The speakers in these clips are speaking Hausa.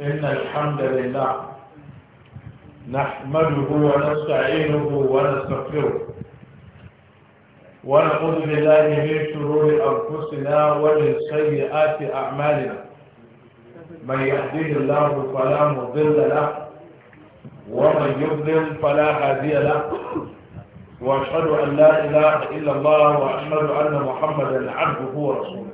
إن الحمد لله نحمده ونستعينه ونستغفره ونعوذ بالله من شرور أنفسنا ومن سيئات أعمالنا من يهديه الله فلا مضل له ومن يضلل فلا هادي له واشهد ان لا اله الا الله واشهد ان محمدا عبده ورسوله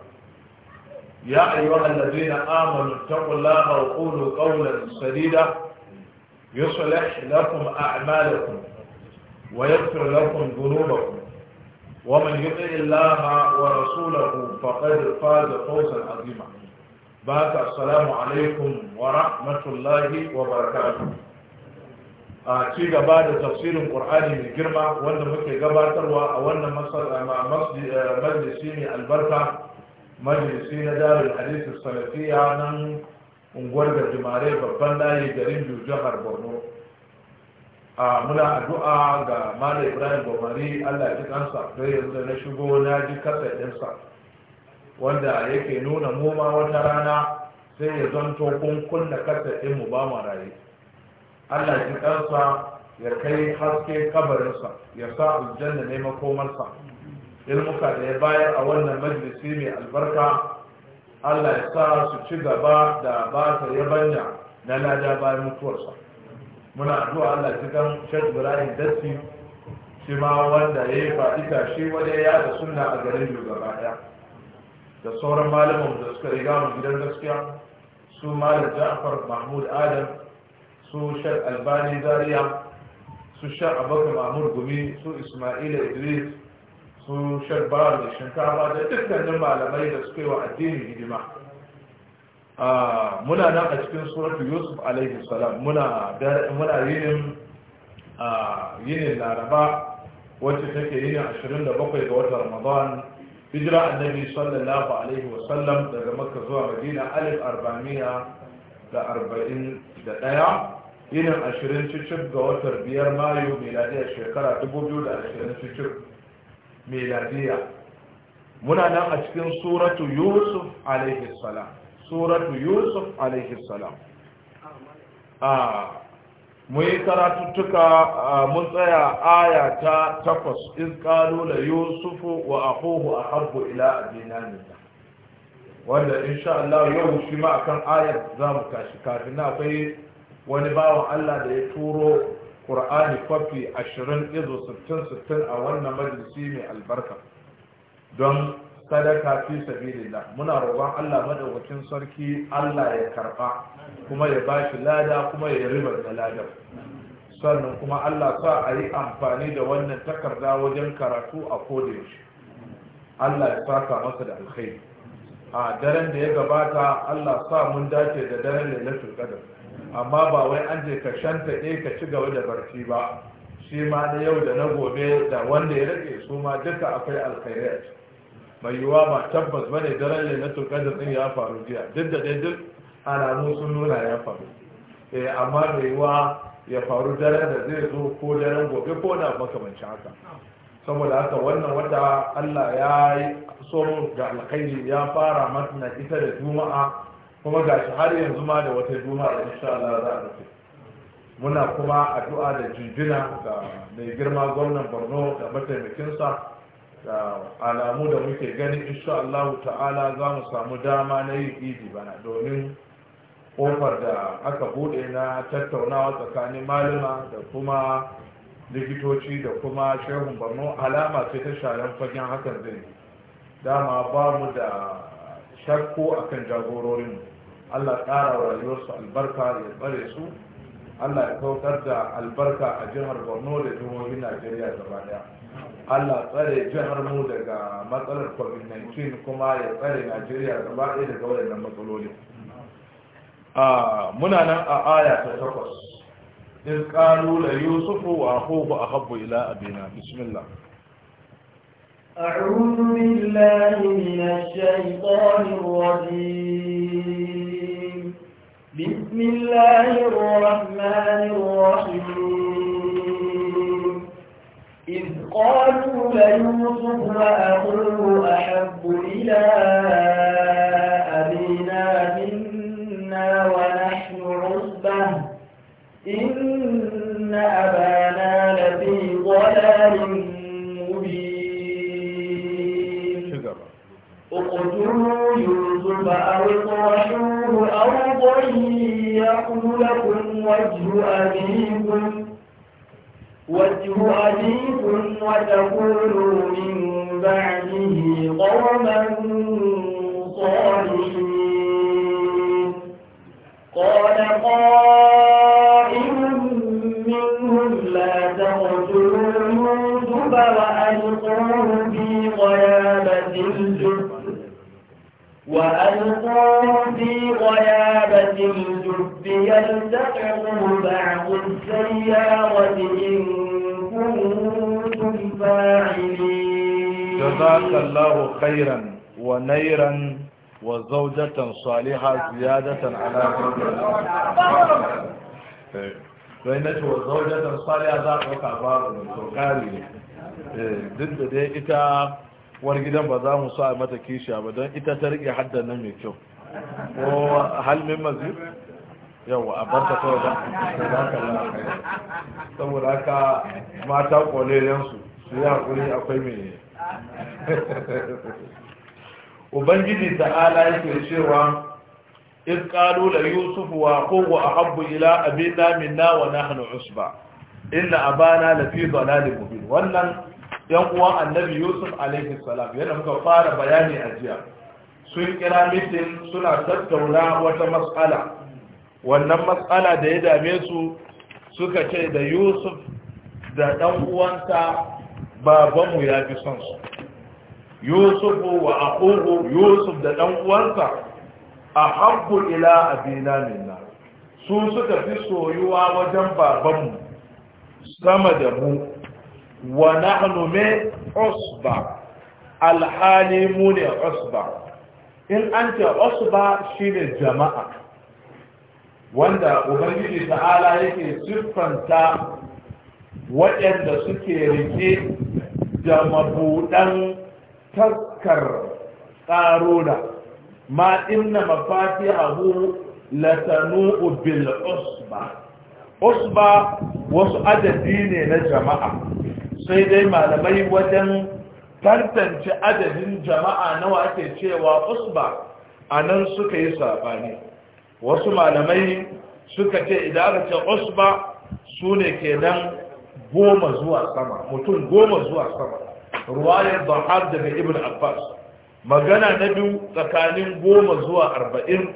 يا أيها الذين آمنوا اتقوا الله وقولوا قولا سديدا يصلح لكم أعمالكم ويغفر لكم ذنوبكم ومن يطع الله ورسوله فقد فاز فوزا عظيما بارك السلام عليكم ورحمة الله وبركاته a ci gaba da tafsirin ƙur'ani mai girma wanda muke gabatarwa a wannan majalisi albarka majalisi na darul hadithu salafiya nan unguwar da jimare babban layi garin biyu jihar borno a muna addu'a ga malam ibrahim gomari allah ya ji kansa da yanzu na shigo na ji kasa ɗinsa wanda yake nuna mu wata rana sai ya zanto kun kunna kasa ɗin mu ba mu raye allah ya ji kansa ya kai haske kabarinsa ya sa aljanna neman makomarsa ilmuka da ya bayar a wannan majalisi mai albarka allah ya sa su ci gaba da ba ta yabanya na lada bayan mutuwarsa muna zuwa allah cikin shek ibrahim dassi shi ma wanda ya yi fa'ita shi wanda ya da sunna a garin yau gaba daya da sauran malamin da suka riga mu gidan gaskiya su malam ja'far mahmud adam su shek albani zaria su shek abubakar mahmud gumi su ismaila idris su sharbar da shinkafa da dukkanin malamai da suka yi wa addini hidima muna nan a cikin suratu yusuf alaihi salam muna yinin yinin laraba wacce take yinin 27 ga watan ramadan hijira annabi sallallahu alaihi wa sallam. daga makka zuwa madina alif arba'amiya da arba'in da ɗaya yinin ashirin cicif ga watar biyar mayu miladiyar shekara 2020 cicif miladiya muna nan a cikin suratu yusuf alaihi salam suratu yusuf alaihi salam mu yi karatuttuka mun tsaya aya ta takwas izkalu da yusufu wa akuhu a harbu ila adinani wanda insha Allah yau shi ma akan ayar za mu tashi kafin na akwai wani bawan Allah da ya turo ƙur'ani kwafi ashirin izo sittin sittin a wannan majalisi mai albarka don sadaka fi sabilillah muna roƙon Allah madaukakin sarki Allah ya karba kuma ya bashi lada kuma ya riba da ladar. sannan kuma Allah sa a yi amfani da wannan takarda wajen karatu a kodayaushe Allah ya saka masa da alkhairi a daren da ya gabata Allah sa mun dace da daren lailatul qadr amma ba wai an je ka ɗaya ka ci gaba da barci ba shi ma na yau da na gobe da wanda ya rage su ma duka akwai alkhairat mai yiwuwa ba tabbas ba ne daren lailatul qadr ɗin ya faru jiya duk da dai duk alamu sun nuna ya faru eh amma mai yiwuwa ya faru daren da zai zo ko daren gobe ko na makamancin haka saboda haka wannan wata Allah ya yi so ga alkhairi ya fara mana ita da juma'a kuma ga shi har yanzu ma da wata juma'a insha Allah za a rufe muna kuma addu'a da jinjina ga mai girma gwamnan Borno da mataimakinsa da alamu da muke gani insha Allah ta'ala za mu samu dama na yin idi bana domin kofar da aka bude na tattaunawa tsakanin malama da kuma likitoci da kuma shehun borno alama ce ta sharan fagen hakan zai dama ba mu da shakku akan jagororinmu Allah ƙara wa rayuwarsu albarka ya tsare su Allah ya kautar da albarka a jihar Borno da jihohin Najeriya gaba daya Allah tsare jihar mu daga matsalar COVID-19 kuma ya tsare Najeriya gaba daya daga waɗannan matsaloli a muna nan a aya ta takwas in qalu la yusufu wa akhuhu ahabbu ila abina bismillah أعوذ بالله من الشيطان الرجيم بسم الله الرحمن الرحيم إذ قالوا ليوسف وأخوه أحب إلى أبينا منا ونحن عصبة إن أبانا لفي ضلال مبين اقتلوا يوسف فأو اطرحوه أرضا يقل لكم وجه أبيكم وجه أبيكم وتقولوا من بعده قوما صالحين قال قائل منهم لا تقتلوا يوسف وألقوا في غيابة الجب يلتقطه بعض السيارة إن كنتم فاعلين جزاك الله خيرا ونيرا وزوجة صالحة زيادة على فإن إيه، وزوجة صالحة ذات وكفار وكاري إيه، ضد ذلك war gidan ba za mu sa mata kishiya ba don ita ta rike haddan nan mai kyau ko halmin mazir yawa a barta kawai ba saboda haka mata kwalelensu su yi haƙuri akwai mai ubangiji ta'ala yake cewa in ƙalu da yusuf wa kowa a habbu ila abin namin na wa nahnu usba inna abana lafi zalalin mubin wannan yan uwan annabi yusuf alaihi salam yadda muka fara bayani a jiya sun kira mitin suna tattauna wata matsala wannan matsala da ya dame su suka ce da yusuf da ɗan babanmu ya fi son su yusufu wa akuhu yusuf da dan uwanta a habbu ila abina minna su suka fi soyuwa wajen babanmu sama da mu wa nahnu me usba alhali mu ne usba in an usba shine jama'a wanda ubangiji ta'ala yake siffanta waɗanda suke rike da mabuɗan taskar ƙaruna ma inna mafati abu latanu bil usba usba wasu adadi ne na jama'a sai dai malamai wajen tantance adadin jama'a nawa ake cewa usba a nan suka yi sabani, wasu malamai suka ce idan aka ce usba su ne ke nan goma zuwa sama mutum goma zuwa sama ruwayar zahar daga ibn abbas magana na biyu tsakanin goma zuwa arba'in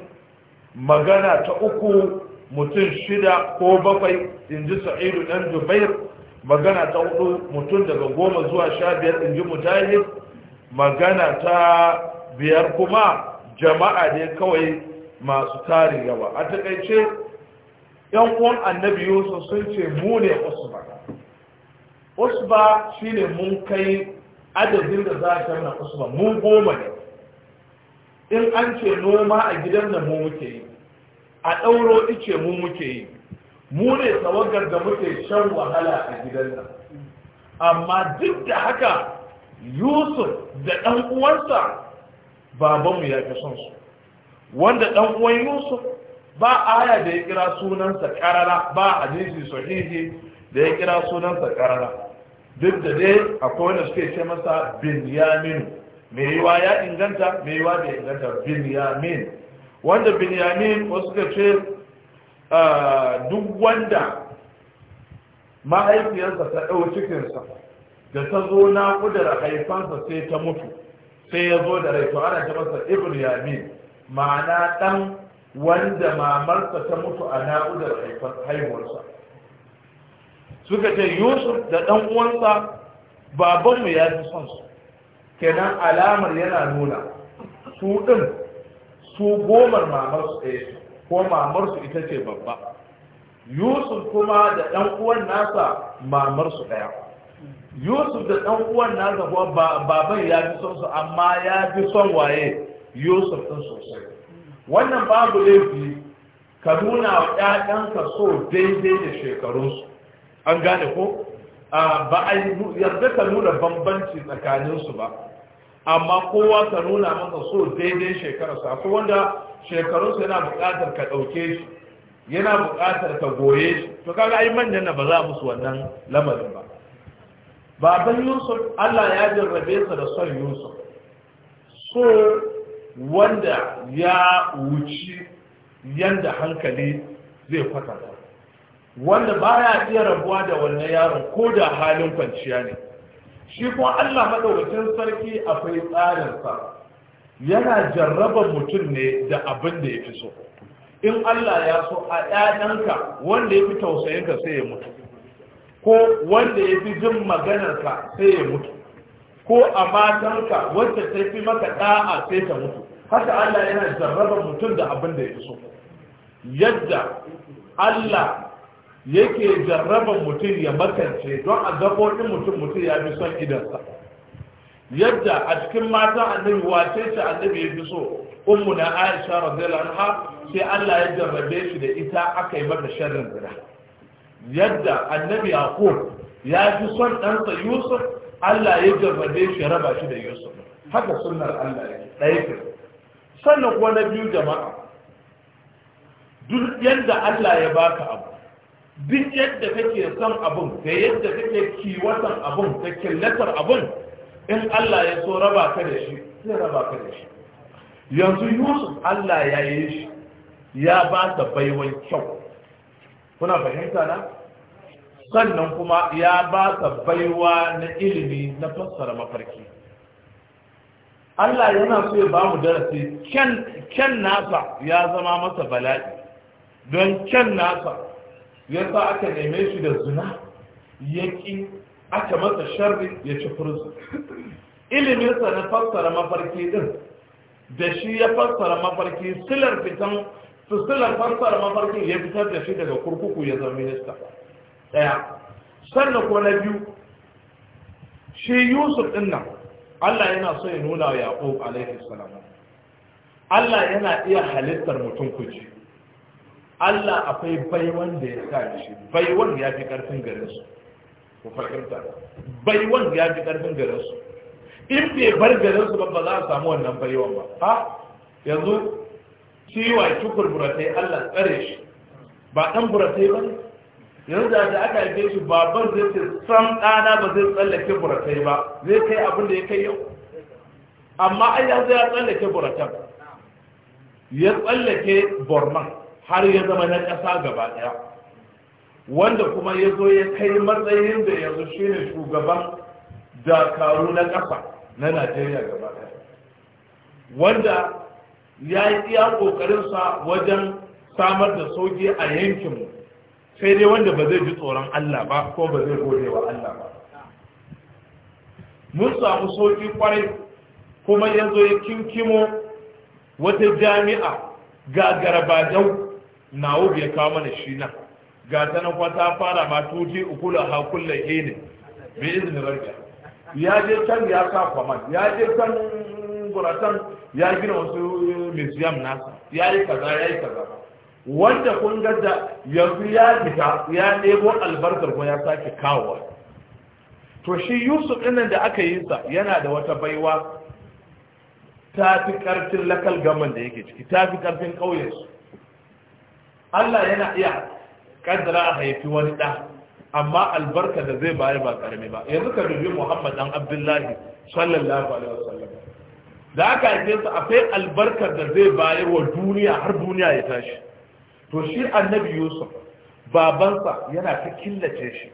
magana ta uku mutum shida ko bakwai in ji sa'idu ɗan jubair magana ta hudu mutum daga goma zuwa sha biyar in ji mujahid magana ta biyar kuma jama'a ne kawai masu tarin yawa a takaice yan uwan annabi yusuf sun ce mu ne usba usba shine mun kai adadin da za a na usba mu goma ne in an ce noma a gidan da mu muke yi a ɗauro ice mu muke yi mu ne tawagar da muke shan wahala a gidan nan amma duk da haka yusuf da ɗan uwansa babanmu ya fi son su wanda ɗan uwan yusuf ba aya da ya kira sunansa karara ba hadisi sahihi da ya kira sunansa ƙarara. duk da dai akwai wanda suke ce masa binyamin Me yiwa ya inganta Me yiwa da inganta binyamin wanda binyamin wasu ka ce duk wanda mahaifiyarsa ta ɗau cikinsa da ta zo na ƙudura haifansa sai ta mutu sai ya zo da rai to ana ta masa ibn ma'ana ɗan wanda mamarsa ta mutu a na'udar haihuwarsa suka ce yusuf da ɗan uwansa babanmu ya fi son su kenan alamar yana nuna su ɗin su gomar mamarsu ɗaya su ko mamarsu ita ce babba yusuf kuma da ɗan uwan nasa mamarsu ɗaya yusuf da ɗan uwan nasa kuwa baban ya fi son su amma ya fi son waye yusuf ɗin sosai wannan babu laifi ka nuna wa ƴaƴanka so daidai da shekarunsu an gane ko ba a yarda ka nuna bambanci tsakaninsu ba amma kowa ka nuna masa so daidai shekararsa akwai wanda shekarunsa yana buƙatar ka ɗauke shi yana buƙatar ka goye shi to kaga ai manyan na ba za musu wannan lamarin ba baban yusuf allah ya jarrabe sa da son yusuf so wanda ya wuci yanda hankali zai kwatanta wanda baya iya rabuwa da wannan yaron ko da halin kwanciya ne shi kuma allah maɗaukacin sarki akwai tsarinsa yana jarraba mutum ne da abin da ya fi so in Allah ya so a ɗaɗanka wanda ya fi tausayinka sai ya mutu ko wanda ya fi jin maganarka sai ya mutu ko a matanka wacce ta fi maka ɗa'a sai ta mutu haka Allah yana jarraba mutum da abin da ya fi so yadda Allah yake jarraba mutum ya makance don a gaɓoɓin mutum mutum ya fi son idansa yadda a cikin matan annabi wace ce annabi ya fi so ummu na aisha radiyallahu anha sai Allah ya jarrabe shi da ita aka yi mata sharrin zina yadda annabi yaqub ya fi son ɗansa yusuf Allah ya jarrabe shi raba shi da yusuf haka sunnar Allah dai ke sannan kuma na biyu jama'a duk yadda Allah ya baka abu duk yadda kake son abun da yadda kake kiwatan abun da killatar abun in Allah ya so raba ka da shi zai raba ka da shi yanzu yusuf Allah ya yi shi ya ba ta baiwan kyau kuna fahimta na sannan kuma ya ba ta baiwa na ilimi na fassara mafarki Allah yana so ya ba mu darasi kyan nasa ya zama masa bala'i don kyan nasa ya sa aka neme shi da zina yaƙi. aka masa sharri ya ci furusa iliminsa na fassara mafarki din da shi ya fassara mafarki silar fitan silar fassara mafarki ya fitar da shi daga kurkuku ya zama minista daya sannan ko na biyu shi yusuf din nan allah yana so ya nuna wa yaƙub alaihi salam allah yana iya halittar mutum kuji allah akwai baiwan da ya sa shi baiwan ya fi ƙarfin garinsu ku fahimta baiwan ya fi karfin garinsu in bai bar garinsu ba ba za a samu wannan baiwan ba ha yanzu ciwa cukur buratai allah tsare shi ba dan buratai ba ne yanzu da ta aka haife shi baban zai ce sam ɗana ba zai tsallake buratai ba zai kai abin da ya kai yau amma ai yanzu ya tsallake buratan ya tsallake borman har ya zama na ƙasa gaba ɗaya wanda kuma ya zo ya kai matsayin da yanzu shi ne shugaban karu na ƙasa na najeriya gaba ɗaya wanda ya yi iya ƙoƙarinsa wajen samar da sauƙi a yankinmu sai dai wanda ba zai ji tsoron allah ba ko ba zai gode wa allah ba mun samu sauƙi kwarai kuma ya zo ya kinkimo wata jami'a ga garabajau na ya kawo mana shi nan ga ta nan ta fara ma tuji ukula ha kulle hene bi izni rabbi ya je can ya ka kwaman ya je can guratan ya gina wasu eh, museum na ya yi kaza ya yi kaza wanda kun gadda yanzu ya fita ya ɗebo albarkar ko ya sake kawo to shi yusuf ɗinnan da aka yi sa yana da wata baiwa ta fi ƙarfin lakal gaman da yake ciki ta fi ƙarfin ƙauyensu Allah yana iya kaddara a haifi wani ɗa amma albarka da zai bayar ba ƙarami ba yanzu ka dubi muhammad dan abdullahi sallallahu alaihi wasallam da aka haife su akwai albarkar da zai bayar wa duniya har duniya ya tashi to shi annabi yusuf babansa yana ta killace shi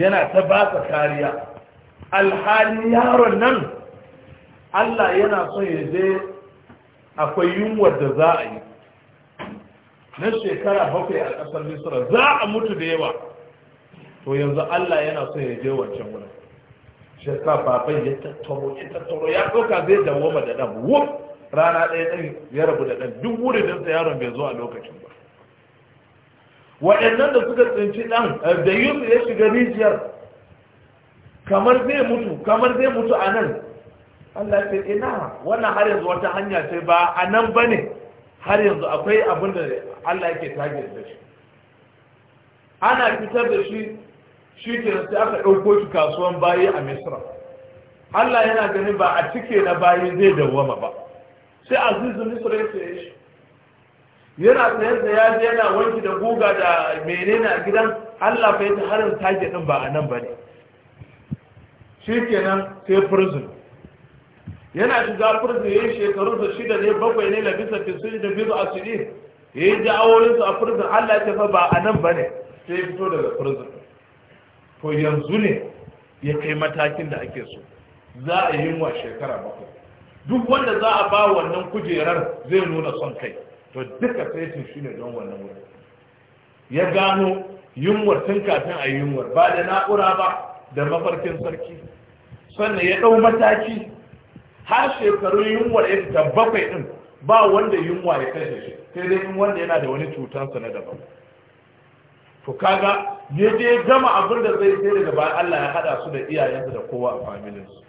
yana ta ba sa kariya alhali yaron nan allah yana so ya je akwai yunwar da za a yi na shekara bakwai a ƙasar Misira za a mutu da yawa to yanzu allah yana so ya je wancan wurin shi sa baban ya tattaro ya tattaro ya ɗauka zai dawoma da ɗan wuf rana ɗaya ɗan ya rabu da ɗan duk wuri don sa yaron bai zo a lokacin ba waɗannan da suka tsinci ɗan eh, da yusuf ya shiga rijiyar kamar zai mutu kamar zai mutu a nan allah ce ina wannan har yanzu wata hanya ce ba a nan ba ne har yanzu akwai abin da Allah yake tage da shi ana fitar da shi shi ke sai aka ɗauko shi kasuwan bayi a misra Allah yana ganin ba a cike na bayi zai dawwama ba sai azizu misra ya saye shi yana sayar da yaji yana wanki da guga da menene a gidan Allah fa ta harin tage din ba a nan ba ne shi kenan sai prison yana shiga da ya yi shekaru da shida ne bakwai ne labisa fi sun da bizu a suɗi ya yi da'awoyinsu a furzin allah ke fa ba a nan ba ne sai fito daga furzin to yanzu ne ya kai matakin da ake so za a yi wa shekara bakwai duk wanda za a ba wannan kujerar zai nuna son kai to duka saitin shi ne don wannan wuri ya gano yunwar tun kafin a yi yunwar ba da na'ura ba da mafarkin sarki sannan ya ɗau mataki har shekaru yunwa ya fita bakwai ɗin ba wanda yunwa ya kai shi sai dai in wanda yana da wani sa na daban to kaga ya je gama abin da zai sai daga bayan Allah ya hada su da iyayensa da kowa a familinsu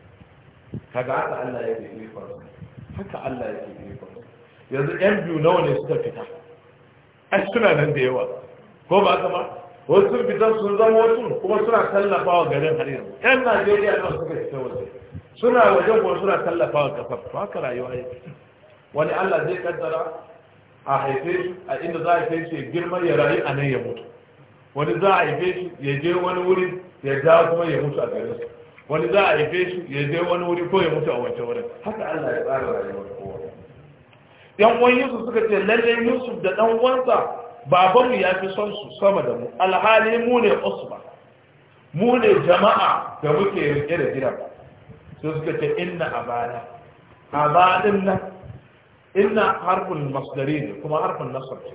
kaga haka Allah ya yi ikon haka Allah ya yi ikon yanzu yan biyu nawa ne suka fita ai suna nan da yawa ko ba ka ba wasu fitan sun zama wasu kuma suna tallafawa garin har yanzu yan Najeriya ne suka fita wasu suna wajen kuma suna tallafa wa kasar ba ka rayuwa ya wani allah zai kaddara a haife shi a inda za a haife shi ya girma ya rayu a nan ya mutu wani za a haife shi ya je wani wuri ya ja kuma ya mutu a garin su wani za a haife shi ya je wani wuri ko ya mutu a wancan wurin haka allah ya tsara rayuwar kowa yan uwan yusuf suka ce lalle yusuf da dan uwansa babanmu ya fi son su sama da mu alhali mu ne usba mu ne jama'a da muke rike da gidan su suka ce inna a abadin nan inna harfin masdari ne kuma harfin nasar ce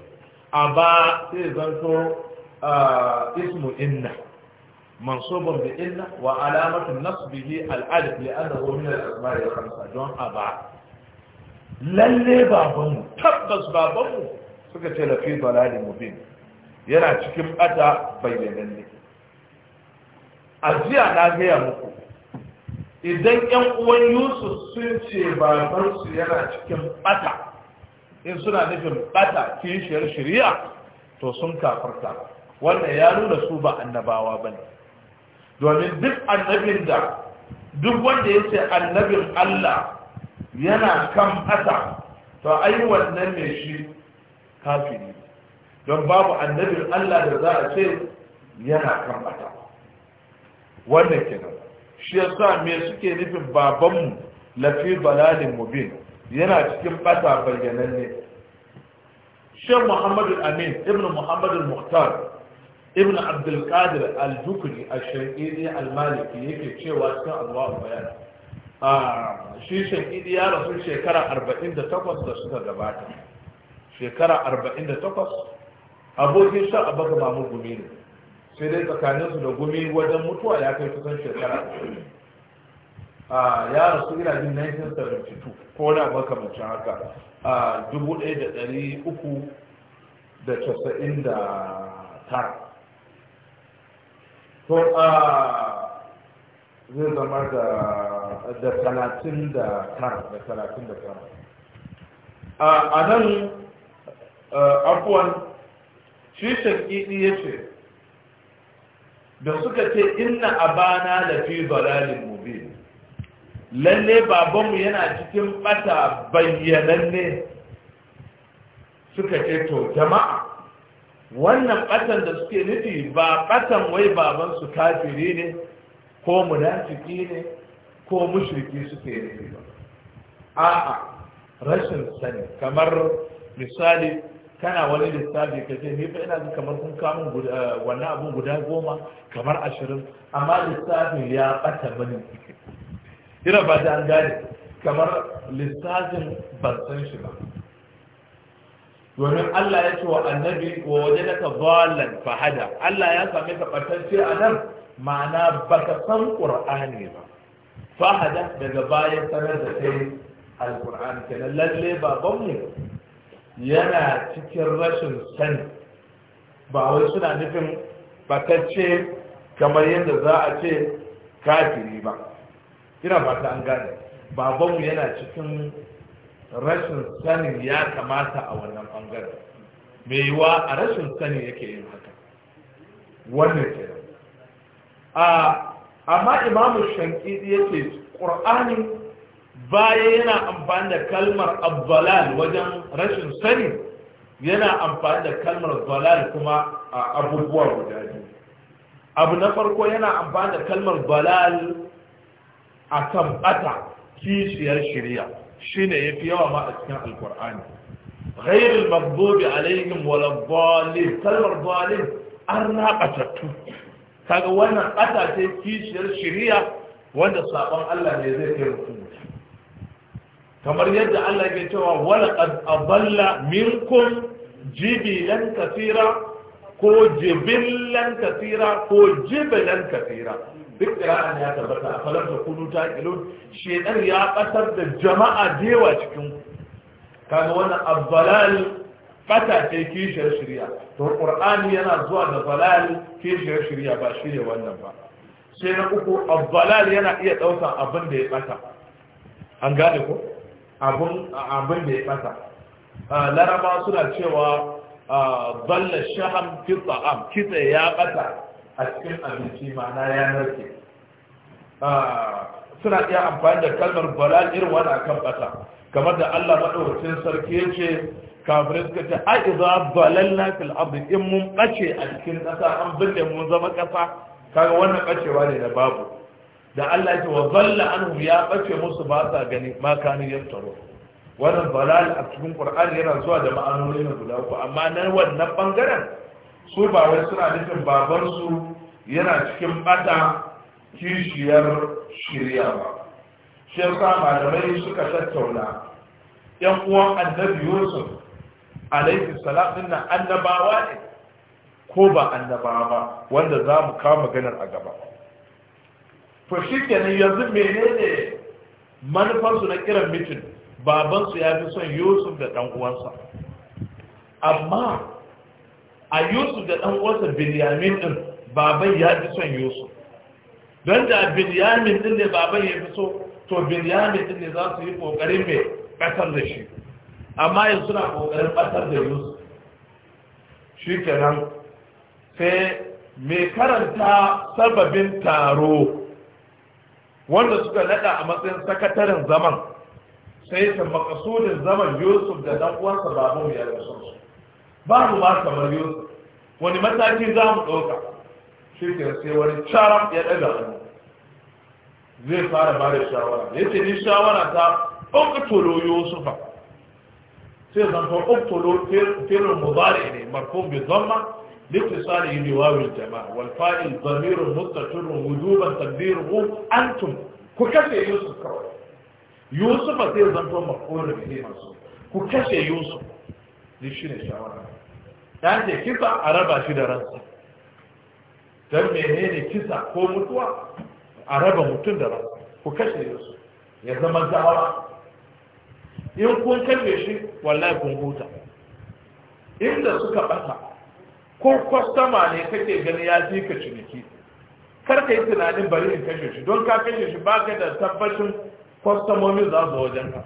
aba sai zanto ah, ismu inna mansubun bi inna wa alamatun nasbihi al'alif li annahu min al-asma'i al-khamsa don a aba lalle babanmu tabbas babanmu suka ce lafi dalalin mubin yana cikin bata bayyananne a jiya na gaya muku idan yan uwan yusuf sun ce babansu yana cikin bata in suna nufin bata kishiyar shari'a to sun kafarta wannan ya nuna su ba annabawa ba ne domin duk annabin da duk wanda ya ce annabin allah yana kan bata to ai wannan mai shi kafiri don babu annabin allah da za a ce yana kan bata wannan kenan shi yasa me suke nufin babanmu lafi balalin mubin yana cikin ƙasa bayyanan ne shan muhammadu amin ibn muhammadu muhtar ibn abdulkadir al-dukuri a shaƙiɗi al-maliki yake cewa cikin alwa'u bayan a shi shaƙiɗi ya rasu shekara 48 da suka gabata shekara 48 abokin sha abaka mamu gumi ne sai dai tsakaninsu da gumi wajen mutuwa ya kai kusan shekara a ah, ya rasu ina jin 1972 ko na makamancin haka ah, a 1399 to a ah, zai zama da talatin da tara a nan abuwan shi shakidi ya ce da suka ce inna abana da fi zalalin mubin lalle babanmu yana cikin bata bayyananne suka ce to jama'a wannan batan da suke nufi ba batan wai babansu kafiri ne ko munafiki ne ko mushriki suke nufi ba a'a rashin sani kamar misali kana wani lissafi ka ce ni fa ina ji kamar kun kamun wannan abun guda goma kamar ashirin amma lissafin ya bata mani ina ba ta an gane kamar lissafin ban san shi ba domin Allah ya ce wa annabi wa waje daga zalan fahada Allah ya same ka ɓatacce a nan ma'ana ba ka san ƙur'ani ba fahada daga bayan sanar da kai alƙur'ani kenan lalle ba babanmu yana cikin rashin sani ba wai suna nufin bakacce kamar yadda za a ce kafiri ba ina fata an gane babanmu yana cikin rashin sani ya kamata a wannan bangaren Me yiwa a rashin sani yake yin haka wannan ke ah, amma imamu shankidi yake ƙur'anin baya yana amfani da kalmar abbalal wajen rashin sani yana amfani da kalmar balal kuma a abubuwa guda biyu abu na farko yana amfani da kalmar balal a kan bata kishiyar shirya shine fi yawa ma a cikin alkur'ani ghairul maghdubi alaihim waladdallin kalmar balin an rabatattu kaga wannan bata ce kishiyar shirya wanda sabon Allah ne zai kai mutum kamar yadda Allah ke cewa wala aballa minkum jibilan kathira ko jibilan kathira ko jibilan kathira duk qira'an ya tabbata falam ta taqilun shedan ya batar da jama'a dewa cikin kaga wannan abbalal fata ce kishiyar shirya to qur'ani yana zuwa da balal kishiyar shirya ba shi ne wannan ba sai na uku abbalal yana iya daukan abin da ya bata an gane ko abin da ya ɓata laraba suna cewa balla shaham fi ta'am ya ɓata a cikin abinci mana ya narke suna iya amfani da kalmar balal irin wani kan ɓata kamar da Allah maɗaukacin sarki ya ce kafirai suka ce a iza balalna fil in mun ɓace a cikin ƙasa an binne mun zama ƙasa kaga wannan ɓacewa ne da babu da Allah ya wa zalla anhum ya bace musu ba sa gani ma kanu yantaro wannan balal a cikin Qur'ani yana zuwa da ma'anoni na guda uku amma nan wannan bangaren su ba wai suna nufin baban su yana cikin bata kishiyar shirya ba shi yasa malamai suka tattauna yan uwan annabi Yusuf alaihi salam din annabawa ne ko ba annabawa ba wanda za mu kama maganar a gaba to shi kenan yanzu menene manufarsu na kiran mitin babansu ya fi son yusuf da ɗan uwansa amma a yusuf da ɗan uwansa binyamin ɗin baban ya fi son yusuf don da binyamin ɗin ne baban ya fi so to binyamin ɗin ne za su yi ƙoƙarin mai ɓatar da shi amma yanzu suna ƙoƙarin ɓatar da yusuf shi kenan sai mai karanta sababin taro wanda suka nada a matsayin sakataren zaman sai ta makasudin zaman yusuf da dan uwansa babu ya rasu babu ba kamar yusuf wani mataki za mu ɗauka shi ke sai wani charam ya daga hannu zai fara bare shawara Yace ni shawara ta uktulu yusufa sai zanto uktulu firin mudari ne marfu bi dhamma لاتصاله بواو الجماعة والفائل ضمير مستتر وجوبا تقديره أنتم كشف يوسف كوي يوسف أتير زنتو مفعول به منصوب كشف يوسف لشين شعورا يعني كيف أربع شد رأسه dan menene kisa ko mutuwa a raba mutum da rana ku kashe yusuf ya zama zawara in kun kashe shi wallahi kun huta ko kwastama ne kake gani ya fi ka ciniki kar ka yi tunanin bari in kashe shi don ka kashe shi ba ka da tabbacin kwastamomi za su wajen ka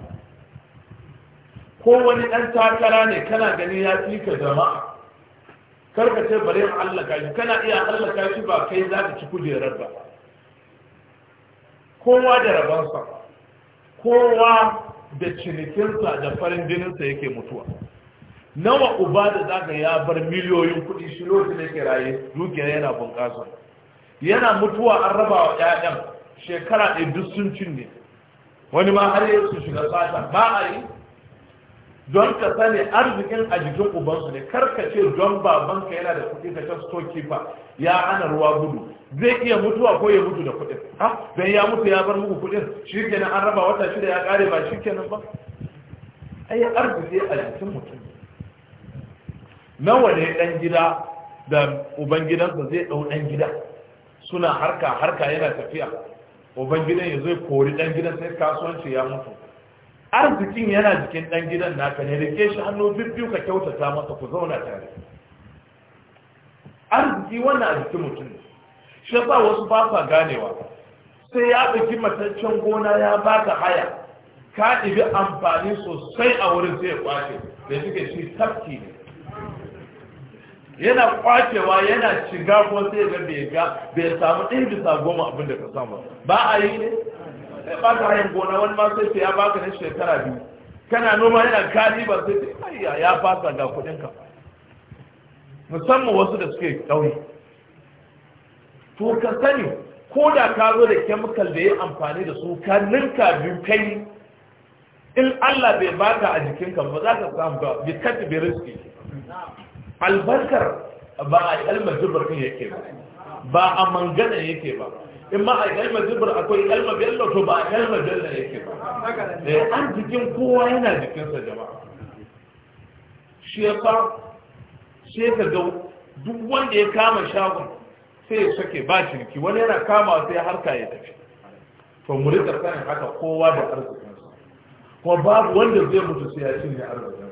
ko wani ɗan takara ne kana gani ya fi ka jama'a kar ka ce bari in hallaka shi kana iya hallaka shi ba kai za ka ci kujerar ba kowa da rabansa kowa da cinikinsa da farin jininsa yake mutuwa nawa uba da zaka ya bar miliyoyin kuɗi shi lokacin da yake raye dukiyar yana bunƙasa yana mutuwa an raba wa ƴaƴan shekara ɗaya duk sun cinye wani ma har yi su shiga sata ba a yi don ka sani arzikin a jikin ubansu ne ka ce don babanka yana da kuɗi ka can stokifa ya hana ruwa gudu zai iya mutuwa ko ya mutu da kuɗin ha don ya mutu ya bar muku kuɗin shi kenan an raba wata shida ya ƙare ba shi kenan ba ai arziki a jikin mutum nawa ne dan gida da ubangidansa zai dau dan gida suna harka harka yana tafiya ubangidan ya zai kori dan gidan sai kasuwanci ya mutu arzikin yana jikin dan gidan naka ne rike shi hannu bibbiyu ka kyautata masa ku zauna tare arziki wannan a jikin mutum ne shi ba wasu ba sa ganewa sai ya ɗauki mataccen gona ya ba ka haya ka ɗibi amfani sosai a wurin sai ya kwace da suke shi tafki ne yana kwacewa yana shiga ko sai ga bai ga bai samu ɗin bisa goma abin da ka samu ba a yi ne sai ba ka hayan gona wani ma sai ya baka na shekara biyu kana noma yana kari ba sai ce ayya ya fasa ga kuɗin ka musamman wasu da suke ƙauye to ka sani ko da ka zo da kemikal da ya amfani da su ka ninka biyu kai in Allah bai baka a jikinka ba za ka samu ba bi bi riski albarkar ba a kalmar zubar kan yake ba ba a mangana yake ba in ma a kalmar zubar akwai kalmar bello to ba a kalmar bello yake ba eh, an jikin kowa yana jikinsa jama'a shi sai ka ga duk wanda ya kama shagon sai ya sake ba shirki wani yana kama sai harka ya tafi to mu sanin haka kowa da arzikinsa kuma babu wanda zai mutu sai ya cinye arzikin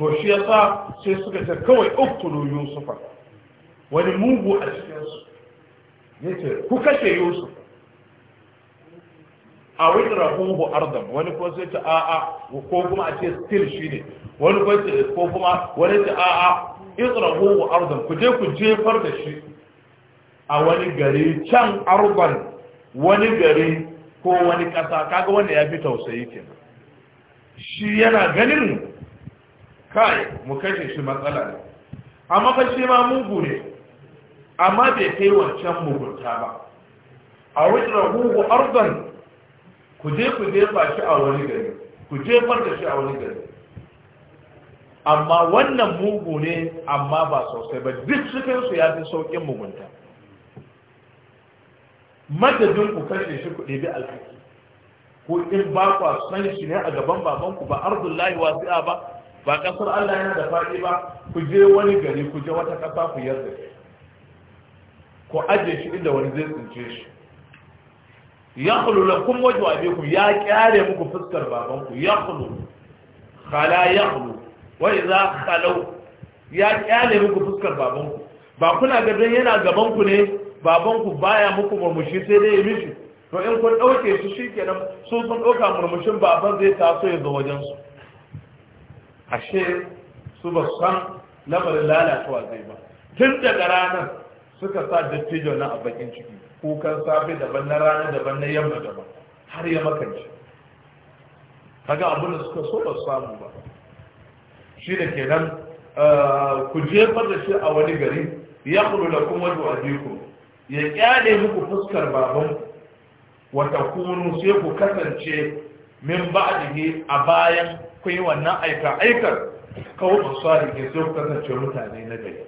to shi ya sa sai suka ce kawai uktulu yusufa wani mugu a cikinsu ya ce ku kashe yusuf a wani rahubu ardam wani kuma sai ce a'a ko kuma a ce still shi ne wani kuma ce ko kuma wani ce a'a in rahubu ardan ku je ku jefar da shi a wani gari can arban wani gari ko wani kasa kaga wanda ya fi tausayi kenan shi yana ganin kai mu kashe shi matsala ne amma fa shi ma mugu ne amma bai kai wancan mugunta ba a wajen rahuhu arzan ku je ku jefa shi a wani gari ku jefar da shi a wani gari amma wannan mugu ne amma ba sosai ba duk cikinsu ya fi saukin mugunta madadin ku kashe shi ku ɗebi alhaki ko in ba kwa san shi ne a gaban babanku ba ardullahi wasi'a ba ba kasar Allah yana da faɗi ba ku je wani gari ku je wata ƙasa ku yarda ku aje shi inda wani zai tsince shi ya kulu lakum wajhu ku ya kyare muku fuskar babanku ya kulu khala ya kulu wa idza khalu ya kyale muku fuskar babanku ba kuna ga yana gaban ku ne babanku baya muku murmushi sai dai ya mishi to in kun dauke shi shikenan su sun dauka murmushin baban zai taso ya zo wajen su ashe su ba san lamarin lalacewa zai ba tun daga ranar suka sa dattijo na a bakin ciki kukan safe daban na rana daban na yamma daban har ya makance kaga abin da suka so ba samu ba shi da kenan eh, ku jefar da shi a wani gari ya kudu da kuma wajen ya kyale muku fuskar baban wata kunu sai ku kasance min ba ba'dihi a bayan ku yi wannan aika aikar kawo sari ke zo kasance mutane na gari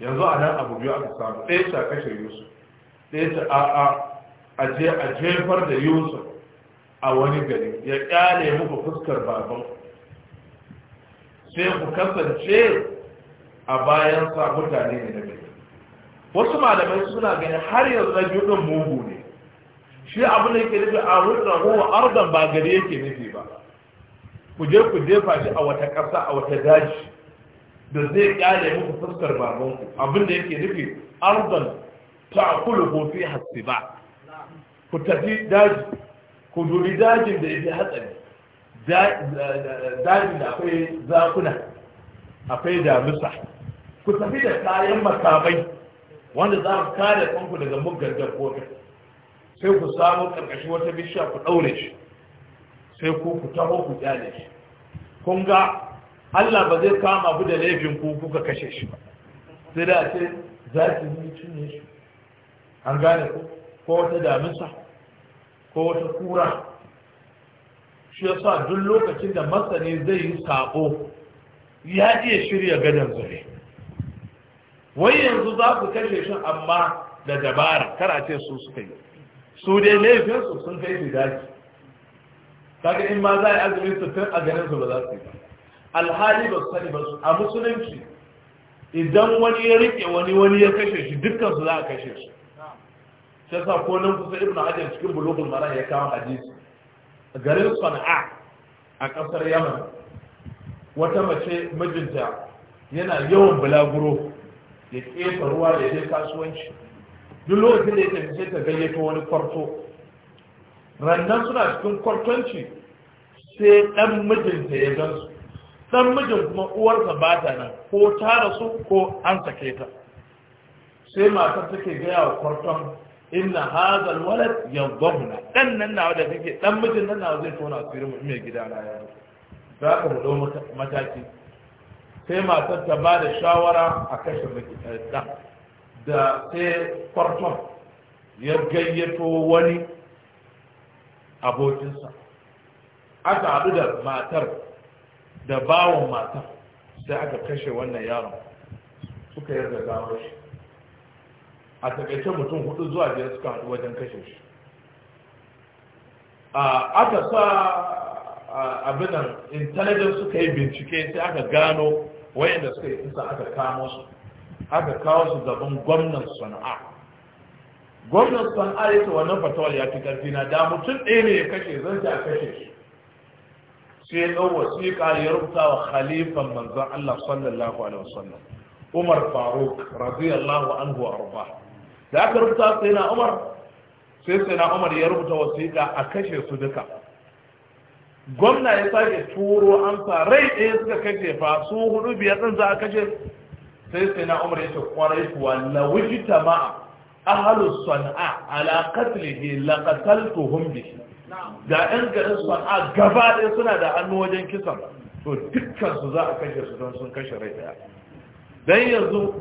yanzu a nan abu biyu aka samu ɗaya ta kashe yusuf ɗaya ta a'a a je a jefar da yusuf a wani gari ya ƙyale muku fuskar baban sai ku kasance a bayan sa mutane ne na gari wasu malamai suna gani har yanzu na biyu ɗin mugu ne shi abin da yake nufi a rudin rahuwa ardon ba gari yake nufi ba ku je ku jefa shi a wata ƙasa a wata daji da zai kyale muku fuskar babanku abinda yake nufi arzan ko fi hasiba ku tafi daji ku dubi dajin da yake hatsari dajin da akwai zakuna akwai damisa ku tafi da kayan makamai wanda za ku kare kanku daga muggan dabbobi sai ku samu ƙarƙashin wata bishiya ku ɗaure shi sai ku ku taho ku jale shi kun ga Allah ba zai kama bude da laifin ku kuka kashe shi ba sai da ce za ki yi cinye shi an gane ku ko wata damisa ko wata kura shi ya sa duk lokacin da masani zai yi sabo ya iya shirya gadon zare wai yanzu za ku kashe shi amma da dabara kar a ce su suka yi su dai laifinsu sun kai su daji kaga in ma za a yi azumin sittin a ganin su ba za su yi alhali ba su sani ba su a musulunci idan wani ya rike wani wani ya kashe shi dukkan su za a kashe shi sai sa ko nan kusa ibnu hajar cikin bulugul mara ya kawo hadisi garin sana'a a kasar yaman wata mace mijinta yana yawan bulaguro ya kefa ruwa da ya je kasuwanci duk lokacin da ya tafi sai ta gayyato wani kwarto rannan suna cikin kwartanci sai ɗan mijinta ya gansu ɗan mijin kuma uwarsa ba ta nan ko ta rasu ko an sake ta sai matar take gaya wa kwarton inna hazal walad na. Ɗan nan nawa da take, ɗan mijin nan nawa zai tona asirin mai gida na ya za ka mu mataki sai matar ta ba da shawara a kashe miki eh, da sai kwarton ya gayyato wani abokinsa aka haɗu da matar da bawon matar sai aka kashe wannan yaron suka yarda gawar shi a takaice mutum hudu zuwa biyar suka haɗu wajen kashe shi aka sa abinan intelligence suka yi bincike sai aka gano wayanda suka yi kusa aka kamo su aka kawo su gaban gwamnan sana'a gwamnan sun ayyata wannan fatawar ya fi ƙarfi na da mutum ɗaya ne ya kashe zan ta kashe shi sai ya ɗau wasiƙa ya rubuta wa khalifan manzan Allah sallallahu alaihi wasallam Umar Faruk radiyallahu anhu arba da aka rubuta sai na Umar sai sai na Umar ya rubuta wasiƙa a kashe su duka gwamna ya sake turo amsa rai ɗaya suka kashe fa su hudu biyar ɗin za a kashe sai sai na Umar ya ce kwarai kuwa na lawujita ma'a ahalu sana'a ala katlihi la qataltuhum bihi da ɗan garin sana'a gaba ɗaya suna da hannu wajen kisan to dukkan su za a kashe su don sun kashe rai daya dan yanzu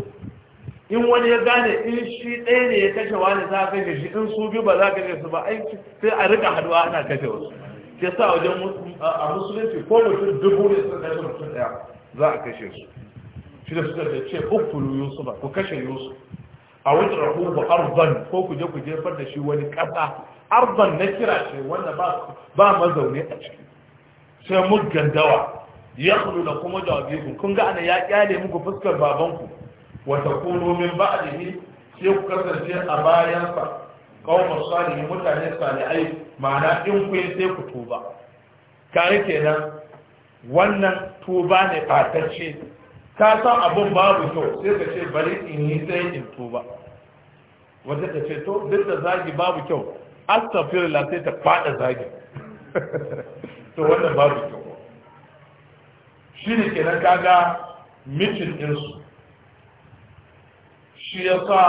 in wani ya gane in shi ɗaya ne ya kashe wani za a kashe shi in su biyu ba za a kashe su ba sai a rika haduwa ana kashe wasu ke sa wajen a musulunci ko mutum dubu ne suka kashe mutum ɗaya za a kashe su shi da suka ce ukulu yusufa ku kashe yusuf a wuce rahuhu arzan ko kuje-kuje, ku da shi wani kasa arzan na kira ce wanda ba mazaune a ciki sai mu Gandawa. ya kudu da kuma ku kun ga ana ya kyale muku fuskar babanku wata kuno min ba'dihi sai ku kasance a bayansa kawon salihin mutane salihai ma'ana in ku sai ku tuba kare kenan wannan tuba ne fatacce ka san abin babu kyau sai ka ce bari in yi sai in tuba wajen ta ce to duk da zagi babu kyau la sai ta fada zagi to wannan babu kyau ke kenan kaga mitin ɗinsu shi ya sa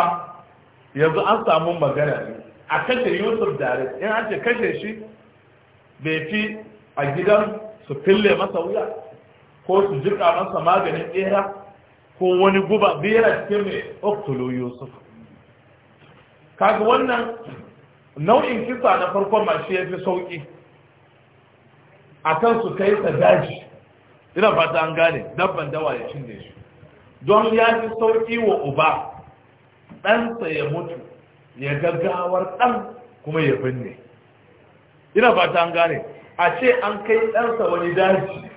yanzu an samu magana ne a kashe yusuf dare in an ce kashe shi bai fi a gidan su fille masa wuya ko su jirga masa maganin bera ko wani guba bera ke mai oktolo yusuf kaga wannan nau'in kisa na farkon mashi ya fi sauki a kan su kai ta daji ina fata an gane dabban dawa ya cinye shi don ya fi sauki wa uba ɗansa ya mutu ya gaggawar ɗan kuma ya binne ina fata an gane a ce an kai ɗansa wani daji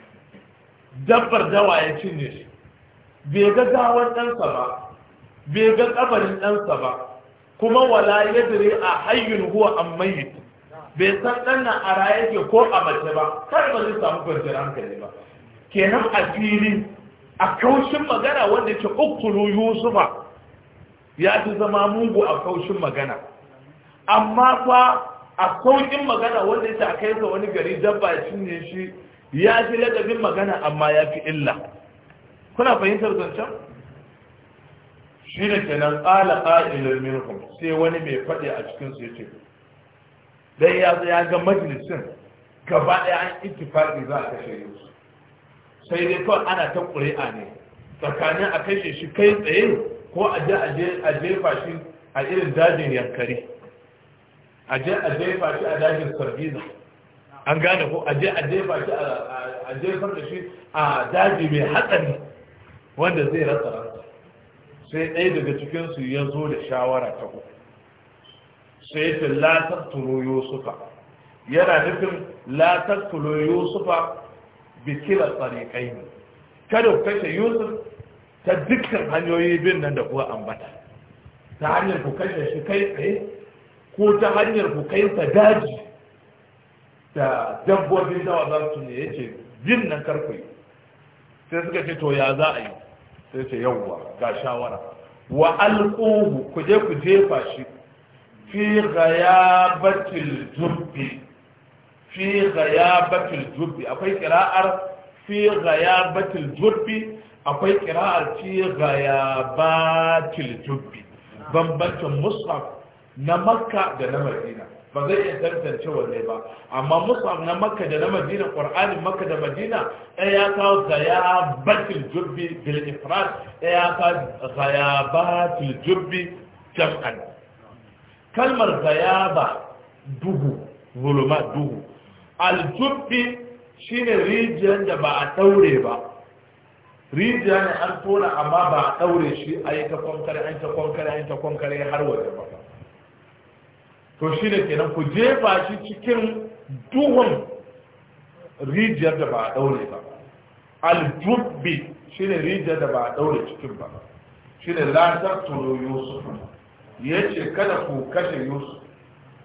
dabbar dawa ya cinye shi bai ga gawar ɗansa ba bai ga ƙabarin ɗansa ba kuma wala ya dire a hayyun huwa an mayyit bai san ɗan na a raye ke ko a mace ba kar ba zai samu kwanciyar hankali ba kenan a fili a kaushin magana wanda ke ukkulu yusufa ya fi zama mugu a kaushin magana amma fa a saukin magana wanda ya ta kai sa wani gari dabba ya cinye shi ya fi ladabin magana amma ya fi illa kuna fahimtar zancen shi da ke nan ƙala minhum sai wani mai faɗi a cikin su yace dan ya ya ga majalisin gaba ɗaya an ittifaqi za a kashe sai dai kawai ana ta ƙuri'a ne tsakanin a kashe shi kai tsaye ko a je a jefa shi a irin dajin yankari a je a jefa shi a dajin sarbiza an gane ko a jefa shi a jefar da shi a daji mai hatsari wanda zai rasa ransa sai ɗaya daga cikinsu ya zo da shawara ta ku. sai ta yusufa yana nufin latattulo yusufa bikila tsarikai ne kada ku kashe yusuf ta dukkan hanyoyi bin nan da kuwa ambata ta hanyar ku kashe shi kai tsaye ko ta hanyar ku kai sa daji da dabbobin dawa za su ne ya ce jin nan karfe sai suka ce to ya za a yi sai ce yawwa ga shawara wa alƙuhu ku je ku jefa shi fi ghayabatil jubbi fi ghayabatil jubbi akwai kira'ar fi ghayabatil jubbi akwai kira'ar fi ghayabatil jubbi bambancin mushaf na makka da na madina ba zai iya tantance wanne ba amma musab na makka da na madina qur'anin makka da madina ya kawo zaya batil jubbi bil ifrat ya kawo zaya batil jubbi jam'an kalmar zayaba duhu zuluma duhu aljubbi shine rijiyar da ba a daure ba rijiya ne an tona amma ba a daure shi a yi ta kwankare an ta kwankare an ta kwankare har waje ba to shi ne kenan ku jefa shi cikin duhun rijiyar da ba a daure ba aljubbi shi ne rijiyar da ba a daure cikin ba shi ne latar tuno yusuf ya ce kada ku kashe yusuf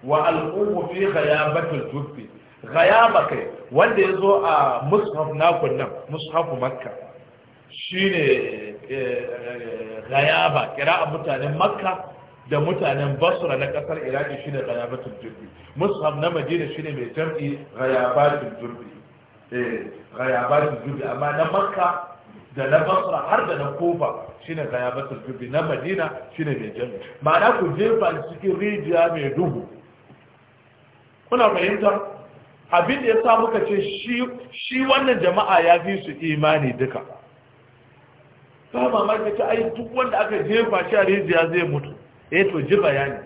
wa al'ummu fi ghayabatul jubbi ghayaba kai wanda ya zo a mushaf nakon nan mushafu makka shine eh, eh, ghayaba kira a mutanen makka da mutanen basra na kasar iraki shine ghayabatul jurbi mushaf na madina shine mai jam'i ghayabatul jurbi eh ghayabatul jurbi amma na makka da na basra har da na kufa shine ghayabatul jurbi na madina shine mai jam'i ma'ana ku jefa cikin rijiya mai duhu kuna fahimta abin da ya sa muka ce shi wannan jama'a ya fi su imani duka ba mamaki ta ai duk wanda aka jefa shi a rijiya zai mutu eh to ji bayani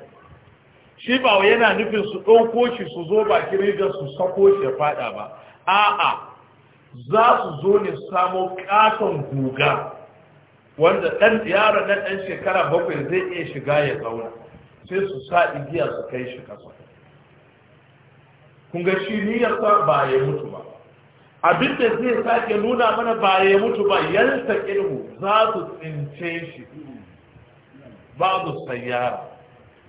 shi ba yana nufin su ɗauko shi su zo baki rigar su sako shi ya fada ba a'a za su zo ne samo katon guga wanda ɗan yaro na ɗan shekara bakwai zai iya shiga ya zauna sai su sa igiya su kai shi kasa kun ga shi sa ba ya mutu ba abin da zai sake nuna mana ba ya mutu ba yansa ilmu za su tsince shi babu sayyara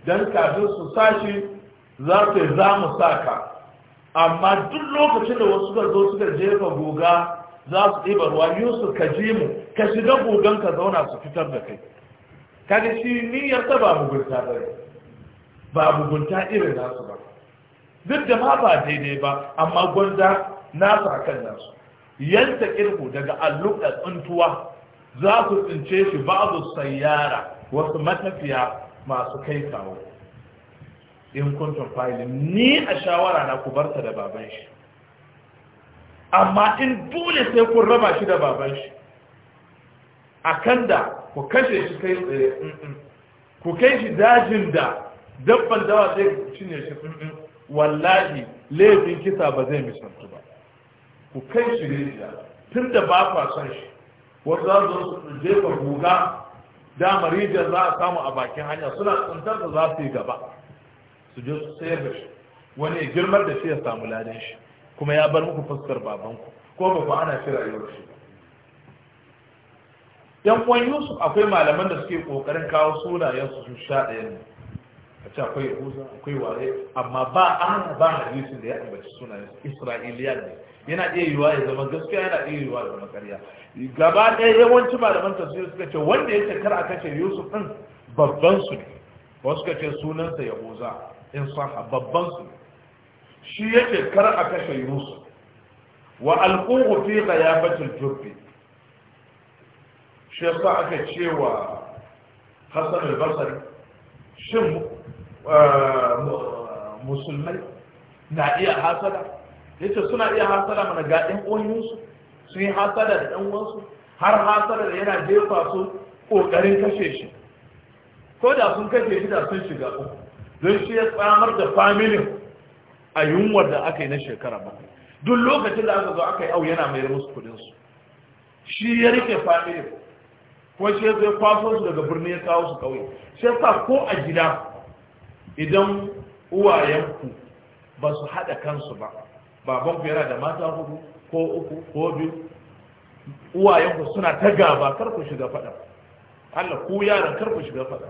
don kafin su sashi za su yi za mu sa ka amma duk lokacin da wasu ka zo suka jefa guga za su ɗiba ruwa yusuf ka ji mu ka shiga gugan ka zauna su fitar da kai kaga shi niyyar ta ba mugunta ba gunta irin nasu ba duk da ma ba daidai ba amma gwanda nasu kan nasu yanta kirku daga alluƙa tsuntuwa za su tsince shi babu sayyara wasu matafiya masu kai kawo in kuntun fa'ilin ni a shawara na ku barta da baban shi amma in dole sai kun raba shi da baban shi akan da ku kashe shi kai tsaye ku kai shi dajin da dabban dawa zai cinye shi wallahi laifin kisa ba zai misaltu ba ku kai shi da tun da ba kwa son shi wasu za su jefa guga dama rijiyar za a samu a bakin hanya suna tsuntar da za su yi gaba su je su sayar da shi wani ya girmar da shi ya samu ladan shi kuma ya bar muku fuskar babanku ko ba ku ana shirya yau shi yan uwan yusuf akwai malaman da suke kokarin kawo sunayen su su sha ɗaya ne a ce akwai yahuza akwai ware amma ba an ba hadisin da ya ambaci sunayen isra'iliya ne yana iya yiwuwa ya zama gaskiya yana iya yiwuwa ya zama ƙarya gaba ɗaya yawanci malaman tafsir suka ce wanda ya ce kar a kashe yusuf ɗin babban su ne wasu suka ce sunansa ya yahuza in saha babban su ne shi ya ce kar a kashe yusuf wa alƙuhu fi ghayabatil jubbi shi yasa aka cewa Hassan al-basri shin eh, musulmai na iya hasada yace suna iya hasara mana ga ɗan uwansu sun yi hasara da ɗan uwansu har hasara da yana jefa su ƙoƙarin kashe shi ko da sun kashe shi da sun shiga uku don shi ya tsamar da familin a yunwar da aka yi na shekara ba duk lokacin da aka zo aka yi au yana mai musu su shi ya rike familin ko shi ya zai kwaso su daga birni ya kawo su kauye shi sa ko a gida idan uwayenku ba su haɗa kansu ba babanku yana da mata hudu ko uku ko biyu uwayenku suna ta gaba kar ku shiga fada Allah ku yaran kar ku shiga fada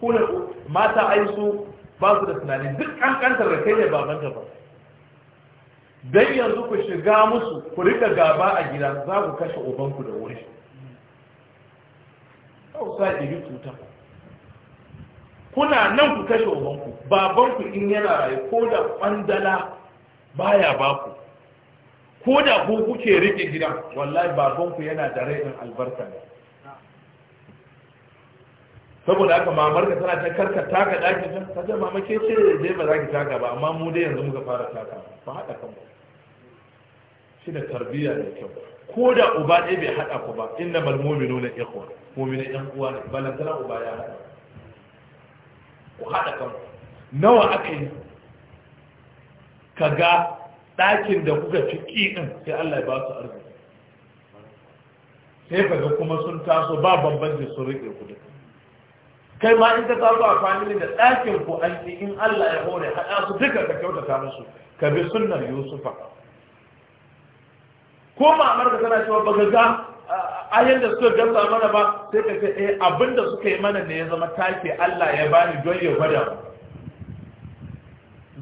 ku ne mata ai su ba su da tunani duk kankantar da kai ne baban ba. dan yanzu ku shiga musu ku rika gaba a gida za ku kashe ubanku da wuri kau sa iri cuta kuna nan ku kashe ubanku babanku in yana raye ko da bandala baya ba ku ko da ku kuke rike gidan wallahi babanku yana da rainin albarka ne saboda haka mamar ka tana ta karka taka daki can ta ce mama ke ce je ba za ki taka ba amma mu dai yanzu muka fara taka ba haɗa kan ba shi da tarbiyya da kyau ko da uba ɗaya bai haɗa ku ba inda malmominu na ikhwa mominu ɗan uwa ne balantana uba ya haɗa ku haɗa kan nawa aka yi ka ga ɗakin da kuka ci ɗin sai Allah ya ba su arziki sai ka kuma sun taso ba bambanci sun riƙe ku duka kai ma in ka taso a family da ɗakin ku an ci in Allah ya hore haɗa su duka ka ta musu ka bi sunnar Yusufa ko ma'amar ka tana cewa ba ga a da suka gasa mana ba sai ka ce eh abinda suka yi mana ne ya zama take Allah ya bani don ya gwada mu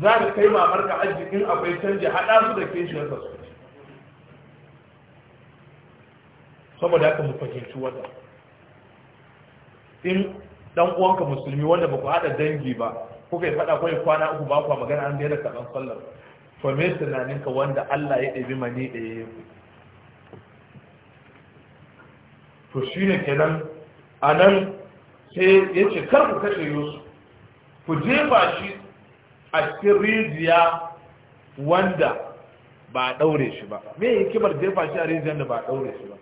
za ka kai mamar ka aji in akwai canji haɗa su da kishiyar ka su saboda haka mu fahimci wata in dan uwanka musulmi wanda ba ku haɗa dangi ba kuka yi faɗa kawai kwana uku ba ku magana an daina karɓar sallar to me tunaninka wanda Allah ya ɗabi mani da ya yi to shi ne kenan a nan sai ya ce kar ku kashe yusuf ku jefa shi a cikin rijiya wanda ba a ɗaure shi ba me hikimar jefa shi a rijiyar da ba a ɗaure shi ba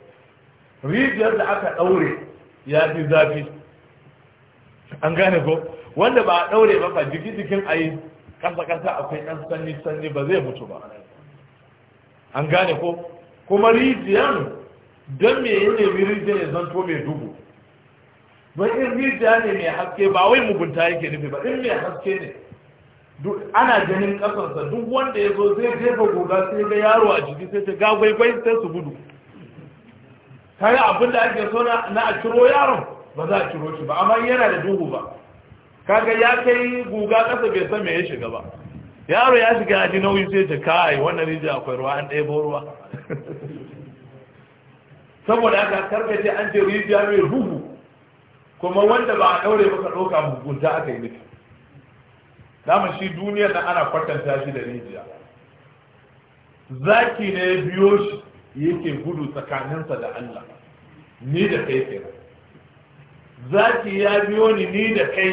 rijiyar da aka ɗaure ya fi zafi an gane ko wanda ba a ɗaure ba fa jiki jikin a yi ƙasa-ƙasa akwai ɗan sanyi-sanyi ba zai mutu ba an gane ko kuma rijiyar don me yi nemi rijiyar ya zanto mai dubu don in rijiya ne mai haske ba wai mugunta yake nufi ba in mai haske ne ana ganin kasansa duk wanda ya zo zai jefa goga sai ga yaro a jiki sai ce ga gwaigwai sai su gudu ta yi abin da ake so na a ciro yaron ba za a ciro shi ba amma yana da duhu ba kaga ya kai guga kasa bai san me ya shiga ba yaro ya shiga ji nauyi sai ta kai wannan rijiya akwai ruwa an ɗebo ruwa saboda haka ce an ce rijiya mai duhu kuma wanda ba a ɗaure maka ɗauka mugunta aka yi miki namun shi duniyar nan ana kwatanta shi da rijiya zaki ne ya biyo shi yake gudu tsakaninsa da Allah ni da kai kenan zaki ya biyo ni ni da kai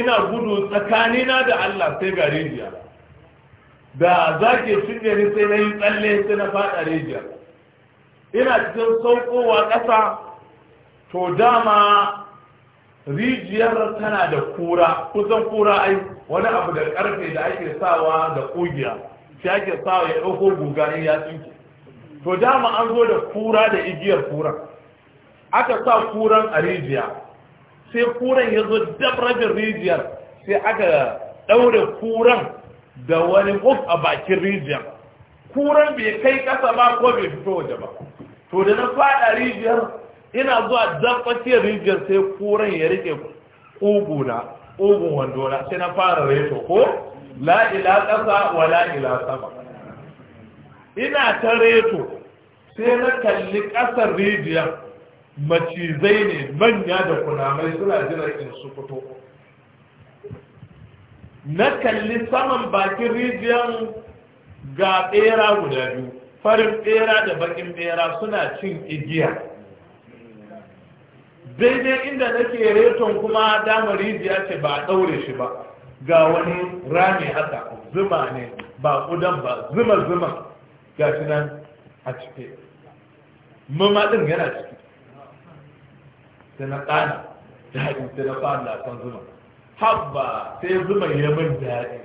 ina gudu tsakanina da Allah sai ga rijiya da zaki cinye ni sai na yi tsalle sai na faɗa rijiya ina cikin saukowa ƙasa to dama rijiyar tana da kura kusan kura ai wani abu da karfe da ake sawa da kugiya shi ake sawa ya ɗauko guga in ya tsinke to dama an zo da kura da igiyar kura aka sa kuran a rijiya sai kuran ya zo dabrajin rijiyar sai aka ɗaure kuran da wani buf a bakin rijiyar kuran bai kai ƙasa ba ko bai fito waje ba to da na faɗa rijiyar ina zuwa zarfaciyar rijiyar sai kuran ya rike na ƙugun wandona sai na fara reto ko la'ila ƙasa wa la'ila sama ina ta reto sai na kalli ƙasar rijiyar macizai ne manya da kunamai suna jiran in su fito na kalli saman bakin rijiyar ga ɓera guda biyu farin ɓera da bakin ɓera suna cin igiya daidai inda nake reton kuma damar rijiya ce ba a ɗaure shi ba ga wani rami haka zuma ne ba ƙudan ba zuma zuma ga shi nan a cike mamaɗin yana ciki sai na ƙana daɗi sai na fara lasan zuma habba sai zuma ya min daɗi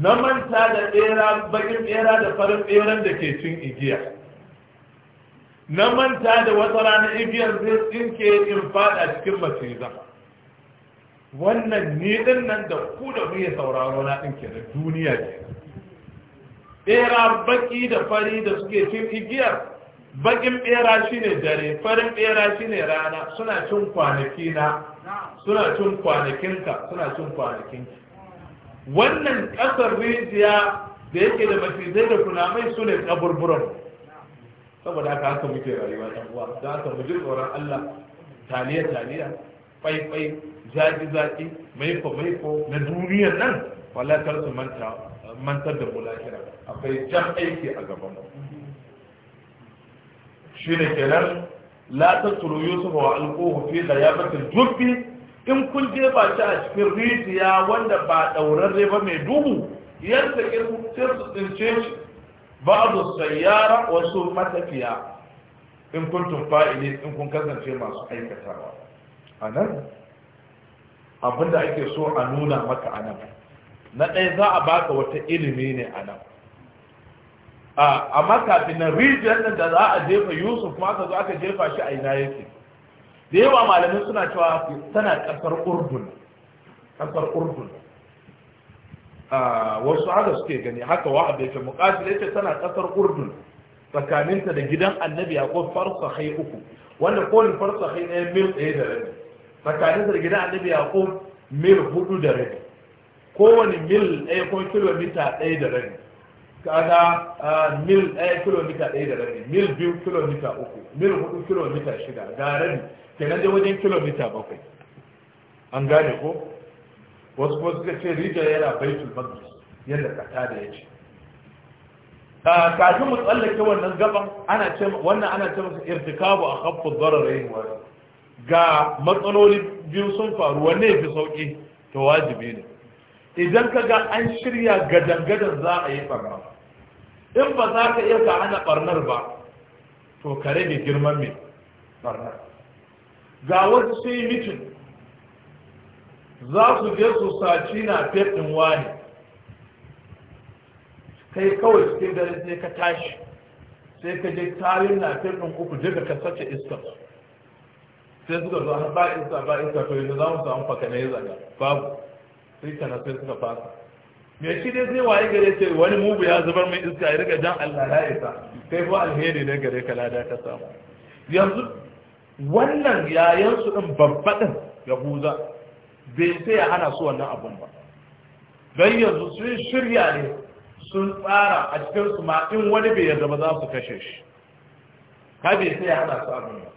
na manta da ɓera bakin ɓera da farin ɓeran da ke cin igiya na manta da wata rana igiyar zai ke in fada cikin macizan wannan ni din nan da ku da ya sauraro na ɗin ke da duniya ke bera baki da fari da suke cin igiyar bakin bera shine dare farin bera shine rana suna cin kwanaki na suna cin kwanakinka suna cin kwanakin wannan ƙasar rijiya da yake da macizai da kunamai su ne ƙaburburan saboda haka haka muke rayuwa ɗan uwa don haka mu ji tsoron Allah taliya taliya faifai zaki-zaki, maiko maiko na duniyar nan wallahi kar su mantar da mu lahira akwai jan aiki a gaban mu shine kenan la tatru yusufa wa alquhu fi dayabatil jubbi in kun ba shi a cikin rijiya wanda ba ɗaurarre ba mai duhu yadda in sai tsince shi ba'adu sayyara wasu matafiya in kuntum fa'ili in kun kasance masu aikatawa a nan da ake so a nuna maka a nan na ɗaya za a baka wata ilimi ne a nan A kafin na rijiyar nan da za a jefa yusuf ma za ka jefa shi a ina yake da yawa malamin suna cewa tana ƙasar urdun ƙasar urdun wasu haka suke gani haka abu yake muqatil yake tana kasar urdun tsakaninta da gidan annabi farsa hai uku wanda kolin farsahai ne mil ɗaya da rabi tsakaninta da gidan annabi ko mil hudu da rabi kowane mil ɗaya ko kilomita ɗaya da rabi kada mil ɗaya kilomita ɗaya da rabi mil biyu kilomita uku mil hudu kilomita shida ga rabi kenan dai wajen kilomita bakwai an gane ko wasu kuma suka ce rija yana baitul maqdis yadda kata da ya ce ah, kafin mu tsallake wannan gaban ana ce wannan ana ce masa irtikabu a khaffu dararain wa ga matsaloli biyu sun faru wanne fi sauki to wajibi ne idan ka ga an shirya gadan-gadan za a yi barna in ba za ka iya ka ana barnar ba to kare rage girman mai barnar ga wasu sai mitin za su je su saci na fetin wani kai kawai cikin dare sai ka tashi sai ka je tarin na fetin uku je ka sace iskar sai suka zo har ba iska ba iska to yanzu za mu samu faka na yi zaga babu sai na sai suka fasa me shi dai sai waye gare ce wani mugu ya zubar mai iska ya riga jan Allah ya isa kai fa alheri ne gare ka lada ka samu yanzu wannan yayansu din babba din yahuza bai sai ya hana su wannan abun ba don yanzu sun shirya ne sun tsara a cikin su ma in wani bai yarda ba za su kashe shi ka bai sai ya hana su abun ba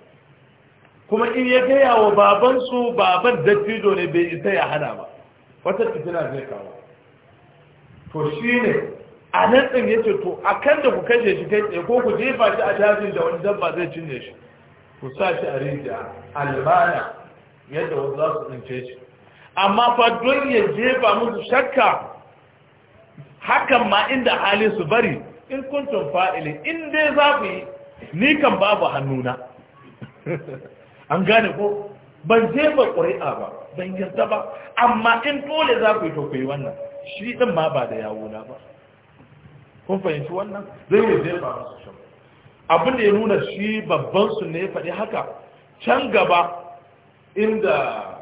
kuma in ya gaya wa su baban dattijo ne bai isa ya hana ba wata fitina zai kawo to shi ne a nan ɗin ya ce to a kan da ku kashe shi kai tsaye ko ku jefa shi a jajin da wani dabba zai cinye shi ku sa shi a rijiya almana yadda wasu za su tsince shi amma fa don ya jefa musu shakka hakan ma inda hali su bari in kuntun fa'ilin in dai za ku yi ni kan babu hannuna an gane ko ban jefa ƙuri'a ba ban yarda ba amma in dole za ku yi to ku yi wannan shi ɗin ma ba da yawuna ba kun fahimci wannan zai yi jefa musu shakka abin da ya nuna shi babban su ne ya faɗi haka can gaba inda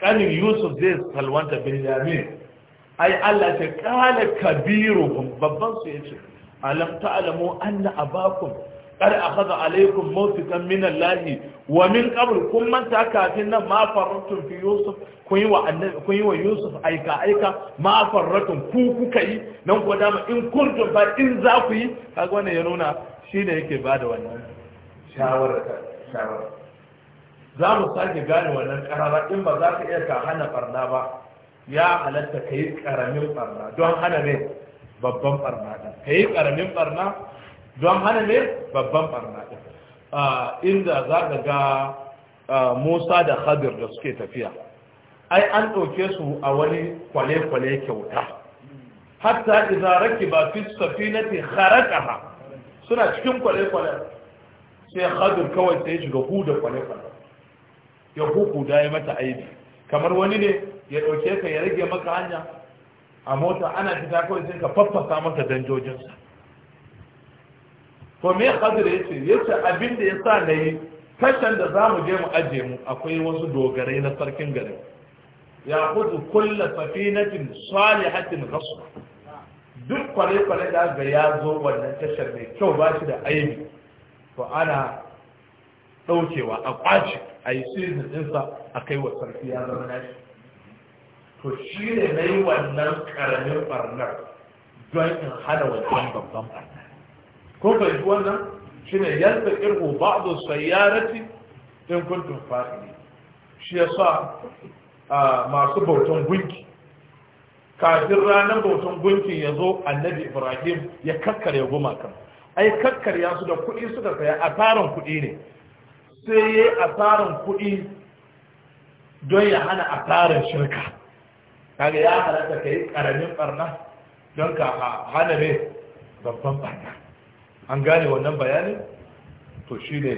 kanin yusuf zai salwanta benjamin ai allah ce kala kabiru babban su ya ce alam a anna abakum a akhadha alaykum mawtiqan min lahi. wa min qabl kun manta kafin nan ma farratun fi yusuf kun yi wa yusuf aika aika ma farratun ku kuka yi nan ko dama in kuntum ba in za ku yi kaga wannan ya nuna shine yake bada wannan shawara shawara za mu sake gane wannan karara in ba za ka iya ka hana barna ba ya halatta ka yi karamin barna don hana ne babban barna ɗin ka yi karamin barna don hana ne babban barna ɗin inda za ka ga musa da khadir da suke tafiya ai an ɗauke su a wani kwale-kwale kyauta hatta izaraki ba fi safinati kharaqaha suna cikin kwale-kwale sai khadir kawai sai shiga huda kwale-kwale ya hukuda ya mata aibi kamar wani ne ya dauke ka ya rage maka hanya a mota ana fita kawai sai ka faffasa masa danjojinsa to me kadir yace yace abin da yasa yi tashan da zamu je mu aje mu akwai wasu dogarai na sarkin garin ya kudu kulla safinatin salihatin rasul duk kwale-kwale da ga ya zo wannan tashar mai kyau ba shi da aibi to ana ɗaukewa a kwace a yi season ɗinsa a kai wa sarki ya zama nashi to shi ne na yi wannan ƙaramin ɓarnar don in hana wajen babban ɓarnar ko fahimci wannan shi ne yadda irhu ba'adu sayyarati in kuntum fa'ili shi ya sa masu bautan gunki kafin ranar bautan gunki ya zo annabi ibrahim ya goma gumakan ai ya su da kuɗi suka saya a tarin kuɗi ne sai ya yi asarar kuɗi don ya hana asarar shirka kaga ya halatta ka yi ƙaramin ɓarna don ka hana ne babban ɓarna an gane wannan bayanin to shi ne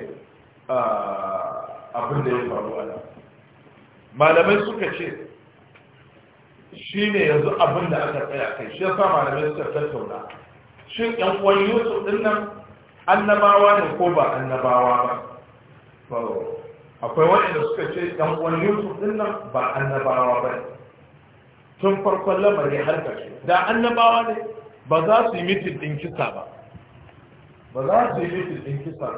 abin da ya faru ana malamai suka ce shi ne yanzu abin da aka tsaya kai shi yasa malamai suka tattauna shin ƴan uwan yusuf ɗin nan annabawa ne ko ba annabawa ba akwai waɗanda suka ce ɗan uwan yusuf ɗin nan ba annabawa ba ne tun farkon lamari har ƙarshe da annabawa ne ba za su yi mitin ɗin kisa ba ba za su yi mitin ɗin kisa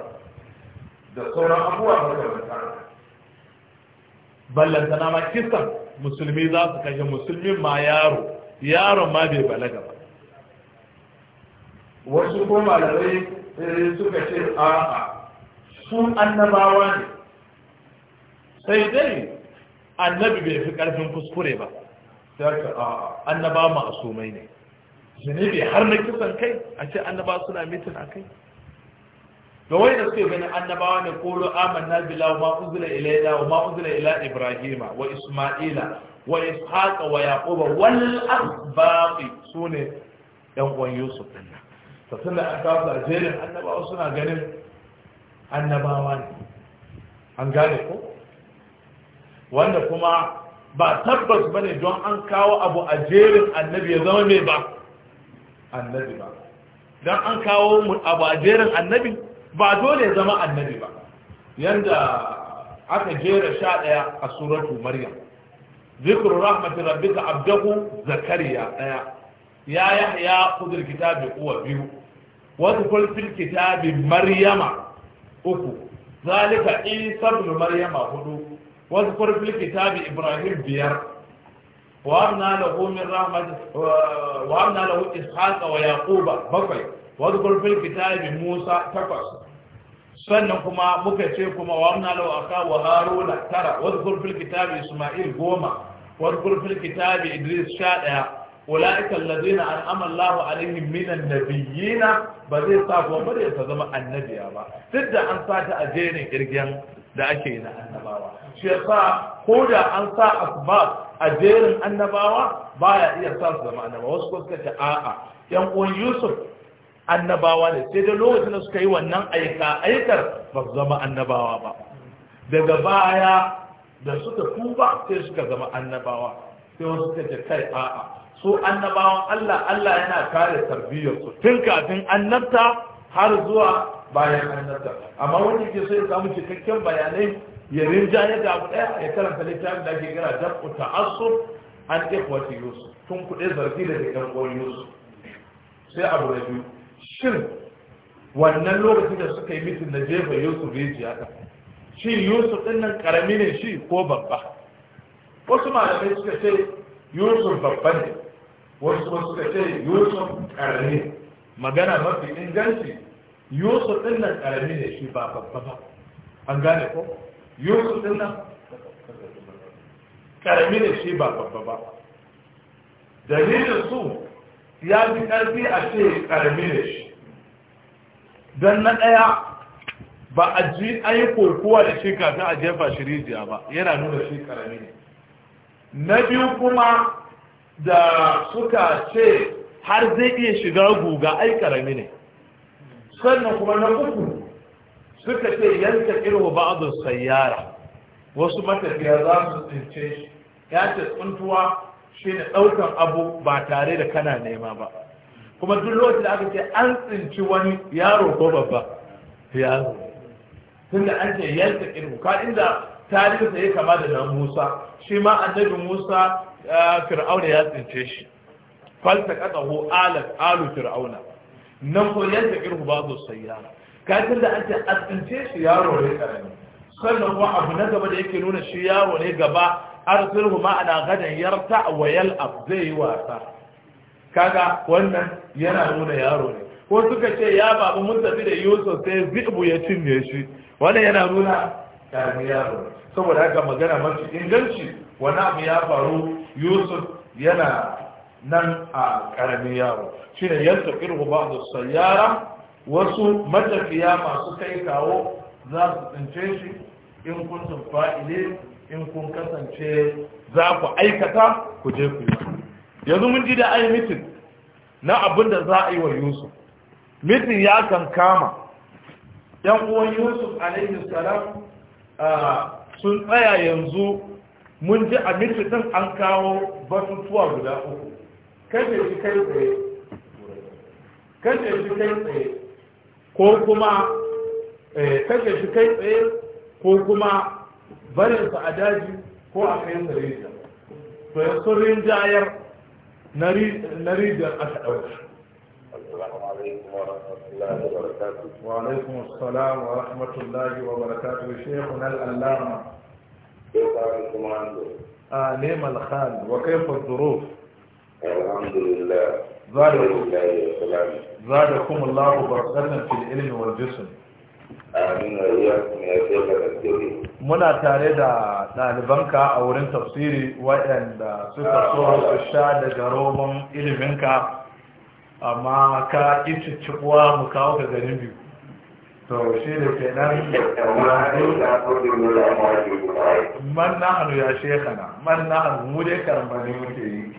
da sauran abubuwa ba da wata ballantana ma kisan musulmi za su kashe musulmin ma yaro yaron ma bai balaga ba wasu ko malamai eh, suka ce a'a su annabawa ne sai dai annabi bai fi ƙarfin kuskure ba sai ka annaba ma'asumai ne zunubi har na kisan kai a ce annaba suna mitin a kai da wai da suke ganin annabawa ne kolo amanna billahi ma unzila ilayna wa ma unzila ila ibrahima wa isma'ila wa ishaqa wa yaquba wal asbaqi sune yan uwan yusuf din nan to tunda an kawo aljerin annabawa suna ganin annabawa ne an gane ko wanda kuma ba tabbas ba ne don an kawo abu a jerin annabi ya zama mai ba annabi ba don an kawo abu a jerin annabi ba dole ya zama annabi ba Yadda aka jera sha ɗaya a suratu maryam zikru rahmatin rabbika abdahu zakariya ɗaya ya yahya kudur kitabin uwa biyu wasu kulfin kitabi maryama uku zalika isa ibn maryama hudu wasu kurfil kitabi ibrahim biyar وهبنا له من رحمة وهبنا له إسحاق ويعقوب بقي واذكر في الكتاب موسى تقص sannan kuma muka ce kuma wa amna law aka wa haruna tara wa dhkur kitabi isma'il goma wa dhkur kitabi idris sha daya ulaika alladhina an amallahu alaihim minan nabiyyina ba zai sa ko bare ta zama annabiya ba duk da an sata a jerin kirgiyan da ake yi na annabawa shi sa ko da an sa asbab a jerin annabawa ya iya sa su zama annabawa wasu ko ce a'a yan uwan Yusuf annabawa ne sai da lokacin da suka yi wannan aika aikar ba su zama annabawa ba daga baya da suka tuba sai suka zama annabawa sai wasu suka ce kai a'a su annabawan Allah Allah yana kare tarbiyyar su tun kafin annabta har zuwa bayan an nasa amma wani ke sai ya samu cikakken bayanai ya rinjaye da abu daya ya karanta littafin da ake gara dan asu an ikhwati yusuf tun kuɗe zargi da ɗan uwan yusuf sai abu da biyu shin wannan lokacin da suka yi mitin na jefa yusuf ji haka shi yusuf ɗin nan ƙarami ne shi ko babba wasu malamai suka ce yusuf babba ne wasu suka ce yusuf ƙarami magana mafi inganci yusuf din nan karami ne shi ba babba ba an gane ko yusuf din nan karami ne shi ba babba ba dalilin su ya fi ƙarfi a ce karami ne shi don na ɗaya ba a ji an yi kokowa da shi kafin a jefa shi rijiya ba yana nuna shi karami ne na biyu kuma da suka ce har zai iya shiga guga ai karami ne sannan kuma na uku suka ce yanka irwa ba'adun sayyara wasu matafiya za su tsince shi ya ce tsuntuwa shi ne ɗaukan abu ba tare da kana nema ba kuma duk lokacin da aka ce an tsinci wani yaro ko babba yaro tun da an ce yanka irwa ka inda tarihinsa ya kama da nan musa shi ma annabi musa eh, fir'auna ya tsince shi falta katsaho alu fir'auna nan ko ta irhu ba zo sayya kafin da an ce asince shi yaro ne karami sannan kuma abu na gaba da yake nuna shi yaro ne gaba arsilhu ana gadan yarta wa yal'ab zai yi wasa kaga wannan yana nuna yaro ne ko suka ce ya babu mun tafi da yusuf sai zibu ya cinye shi wannan yana nuna karami yaro saboda haka magana mafi inganci wani abu ya faru yusuf yana nan a ƙaramin yaro shi ne yadda ƙirgu ba da sayara, wasu matafiya masu kai kawo za su tsince shi in kun ile, in kun kasance za ku aikata ku je ku yi yanzu mun ji da ai mitin na abin da za a yi wa yusuf mitin ya kan kama yan uwan yusuf a salam sun tsaya yanzu mun ji a mitin an kawo batutuwa guda uku kashe shi kai tsaye kashe shi kai tsaye ko kuma kashe shi kai tsaye ko kuma barinsa a daji ko a kai sa rijiya to ya sun rinjayar na rijiyar aka ɗauka وعليكم السلام ورحمة الله وبركاته شيخنا الألامة كيف حالكم عنده؟ آه نعم الخال وكيف الظروف؟ الحمد لله زادكم الله بركة في العلم والجسم amin wariyakum ya muna tare da ɗalibanka a wurin tafsiri waɗanda suka so su ah, sha daga roman iliminka amma ka ƙi cikuwa mu kawo ka garin biyu to shi da ke nan man na hannu ya shekha man na hannu mu dai karambani muke yi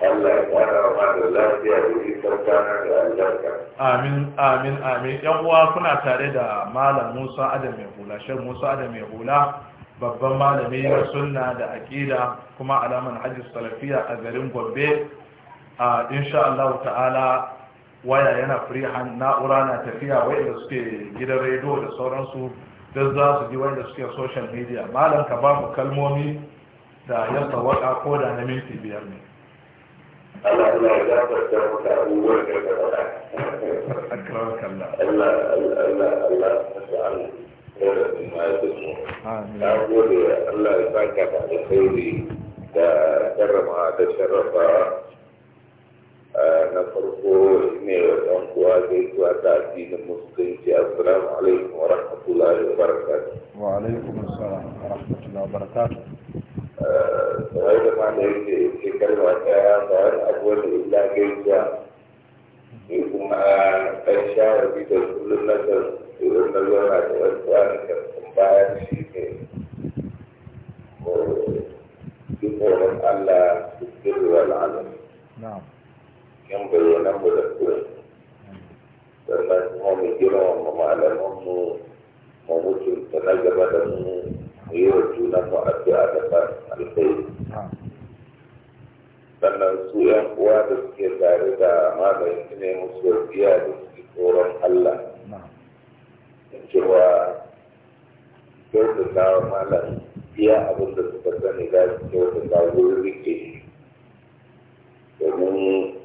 Allah ya da da da albarka. Amin, amin, amin. ‘Yan uwa kuna tare da Malam Musa Adam mai hula, Shan Musa Adam mai hula babban malami na sunna da aƙida kuma alaman hajji salafiya a garin Gombe. Insha Allah ta'ala waya yana free na'ura na tafiya wanda suke gidan rediyo da sauransu don za su ji wanda suke social media. Malam ka ba mu kalmomi da 'yan waka ko da na minti biyar ne. أكرمك الله الله الله الله يجعل خير مما يسمو آمين أقول الله يبارك بعد خيري تكرمها تشرفها na farko ne wa ɗan kuwa gaisuwa ta addinin musulunci assalamu alaikum wa rahmatullahi wa barakatuh wa alaikum assalam wa rahmatullahi wa barakatuh غير ما نريد كلمة أنا أقول إلا جيزة يقوم أشعر بتسول النظر يقوم أشعر بتسول النظر نعم أشعر بتسول النظر يقوم أشعر بتسول النظر يقوم أشعر بتسول النظر يقوم أشعر yi wa juna mu a da sannan su yan uwa da suke tare da magani ne musu wasiya da suke tsoron Allah cewa kyautata wa malam iya abin da suka sani za su kyautata wurin rike domin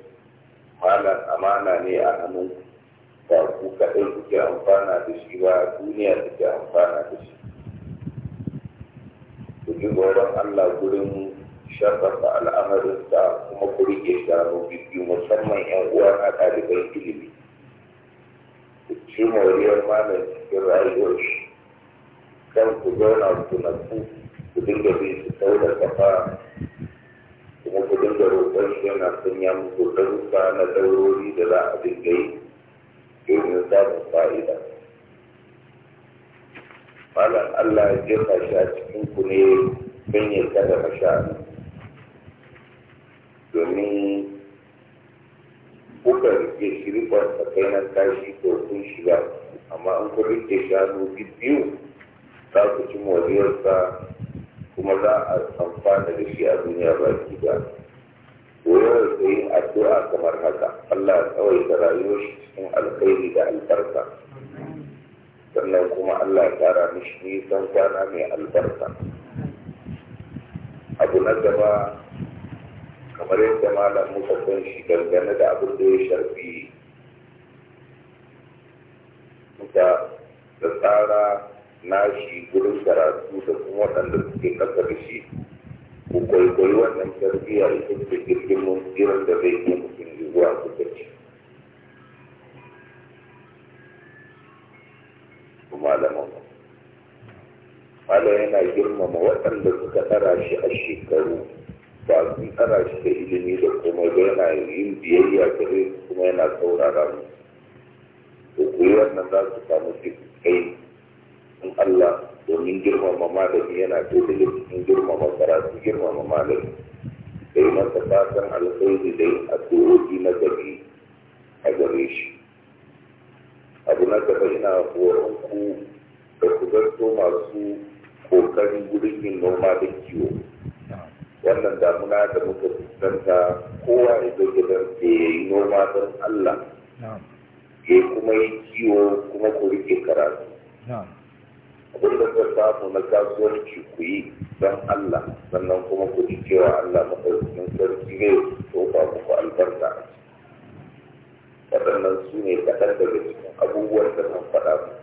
malam amana ne a hannun ba ku kaɗai kuke amfana da shi ba duniya suke amfana da shi yi tsoron Allah gurin sharfafa al'amarinsa kuma ku rike shanu biyu musamman 'yan uwa na ɗaliban ilimi. Ku ci moriyar malam cikin rayuwar shi, kan ku zauna ku ku dinga bi su sau da kafa kuma ku dinga roƙon shi yana sanya da ɗaruka na ɗaurori da za a dinga yi domin samun fa'ida. malam Allah ya jefa shi a cikin ku ne don ya kada masha domin kuka rike shi rikon na kashi ko kun shiga amma an kun rike shi hannu biyu za ku ci moriyarsa kuma za a amfana da shi a duniya baki ba. koyar da yin addu'a kamar haka Allah ya kawai da rayuwar shi cikin alkhairi da albarka sannan kuma Allah ya tara mishi san kwana mai albarka abu na gaba kamar yadda malam muka san shi dangane da abin da ya sharfi muka da tsara nashi gurin karatu da kuma waɗanda suke ƙasa da shi ko kwaikwayi wannan tarbiyyar ita ce girgin mun da zai yi mutum zuwa kusurci malamin malamin yana girmama waɗanda suka tsara shi a shekaru ba sun tsara shi da ilimi da kuma yana yin biyayya gare rai kuma yana saurara mu to yi wannan za su samu kai in Allah domin girmama malami yana dole in girmama karatu girmama malami da yi masa fatan alkhairi da a na gari a gare shi abu na gaba ina horon ku da ku zarto masu kokarin gudun yin noma da kiwo wannan damuna da muka fuskanta kowa ya zo gidan da ya yi noma don allah ya kuma yi kiwo kuma ku rike karatu abin da zai samu na kasuwanci ku yi don allah sannan kuma ku ji wa allah maɗaukakin sarki ne ko ba ku albarka waɗannan su ne kaɗan daga cikin abubuwan da zan faɗa mu.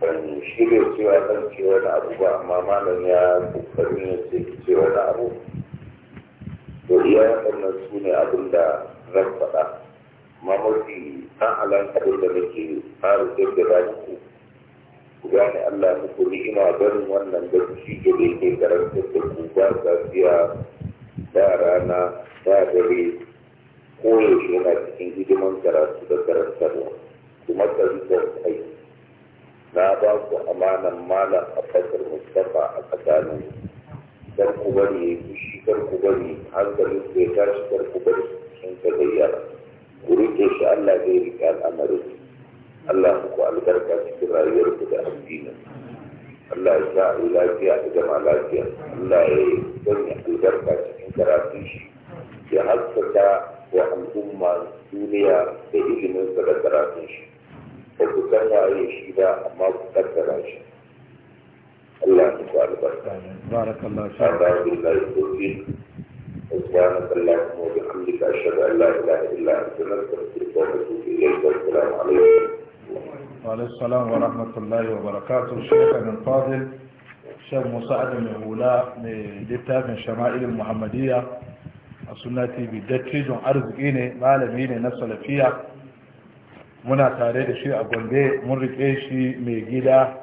Ban shirya cewa zan ce wani abu ba amma malam ya kokarin ya ce ce wani abu. To iya waɗannan su ne abin da zan faɗa. Amma mafi ɗan alan abin da nake fara da muku. Ku gane Allah muku ni'ima ganin wannan gaci da yake karantar da ku ba safiya ba rana ba dare koyaushe yana cikin hidiman karatu da karantarwa kuma da rikon kai na ba ku amanan malam a fasar mustafa a tsakanin kar ku bari ya fushi kar ku bari hankalin ku ya tashi kar ku bari sun ka gayyara ku rike shi allah zai rika al'amarin allah ku albarka cikin rayuwar ku da addini Allah ya sa a lafiya a jama'a lafiya Allah ya yi yi albarka cikin karatun shi ya haskaka ga al'umma duniya da ilimin sa da karatun shi ba ku san waye shi ba amma ku kaddara سبحانك اللهم وبحمدك أشهد أن لا إله إلا أنت نستغفرك ونتوب إليك والسلام عليكم وعليه السلام ورحمة الله وبركاته الشيخ الفاضل الشيخ مساعد من أولاء من شمائل المحمدية a suna tv dattijon arziki ne malami ne na salafiya muna tare da shi a gombe mun rike shi mai gida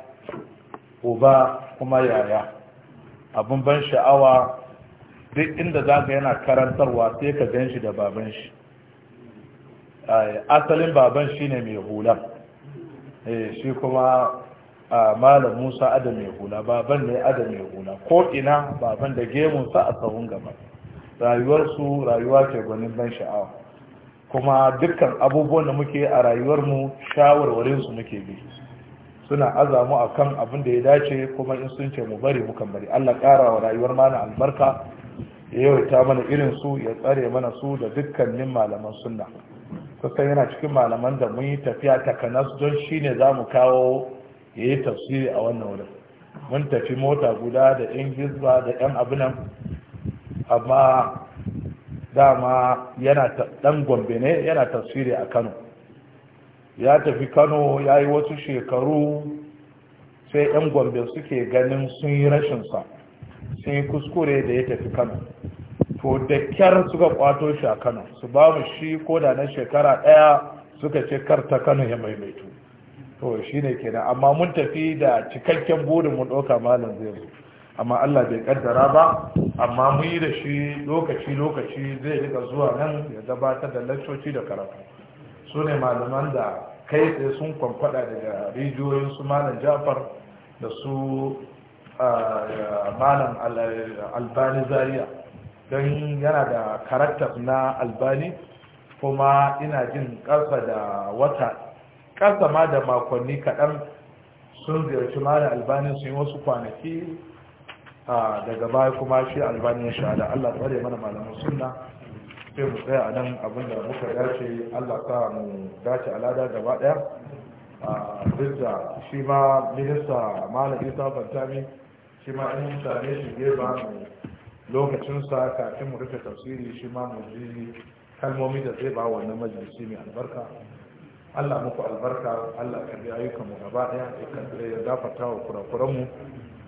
uba kuma yaya abin ban sha'awa duk inda za ka yana karantarwa sai ka gan shi da baban shi eh, asalin baban shi ne mai hula eh, shi kuma malam musa adam mai hula baban ne adam mai hula ko ina baban da gemunsa a tsawon gaba rayuwarsu rayuwa ke gwanin ban sha'awa kuma dukkan abubuwan da muke a rayuwarmu shawarwarinsu muke bi suna azamu a kan abin da ya dace kuma in sun ce mu bari mukan bari allah ƙara wa rayuwar mana albarka ya ta mana irin su ya tsare mana su da dukkanin malaman sunna kusan yana cikin malaman da mun yi tafiya takanas don shine za mu kawo ya yi tafsiri a wannan wurin mun tafi mota guda da ingizba da yan abinan amma dama yana dan gombe ne yana tafsiri a kano ya tafi kano ya yi wasu shekaru sai ɗan gombe suke ganin sun yi rashinsa sun yi kuskure da ya tafi kano to da kyar suka kwato shi a kano su ba mu shi koda na shekara daya suka ce kar ta kano ya maimaitu to shi ne kenan amma mun tafi da cikakken burin mu ɗauka malam zai zo amma allah bai kaddara ba amma mun yi da shi lokaci-lokaci zai rika zuwa nan ya gabatar da laccoci da karatu su ne malaman da kai tsaye sun kwamfada daga rijiyoyin su malam jafar da su malam albani zaria don yana da karaktar na albani kuma ina jin ƙasa da wata ƙasa ma da makonni kaɗan sun ziyarci malam albani sun yi wasu kwanaki daga baya kuma shi albani ya shahada Allah tsare mana malamin sunna sai mu tsaya a nan da muka dace Allah ta mu dace alada gaba daya duk da shi ma minista malam isa fantami shi ma in same shi ba mu lokacinsa kafin mu rufe tafsiri shi ma mu ji kalmomi da zai ba wannan majalisi mai albarka Allah muku albarka Allah bi ayyukan mu gaba daya ya gafarta wa kurakuran mu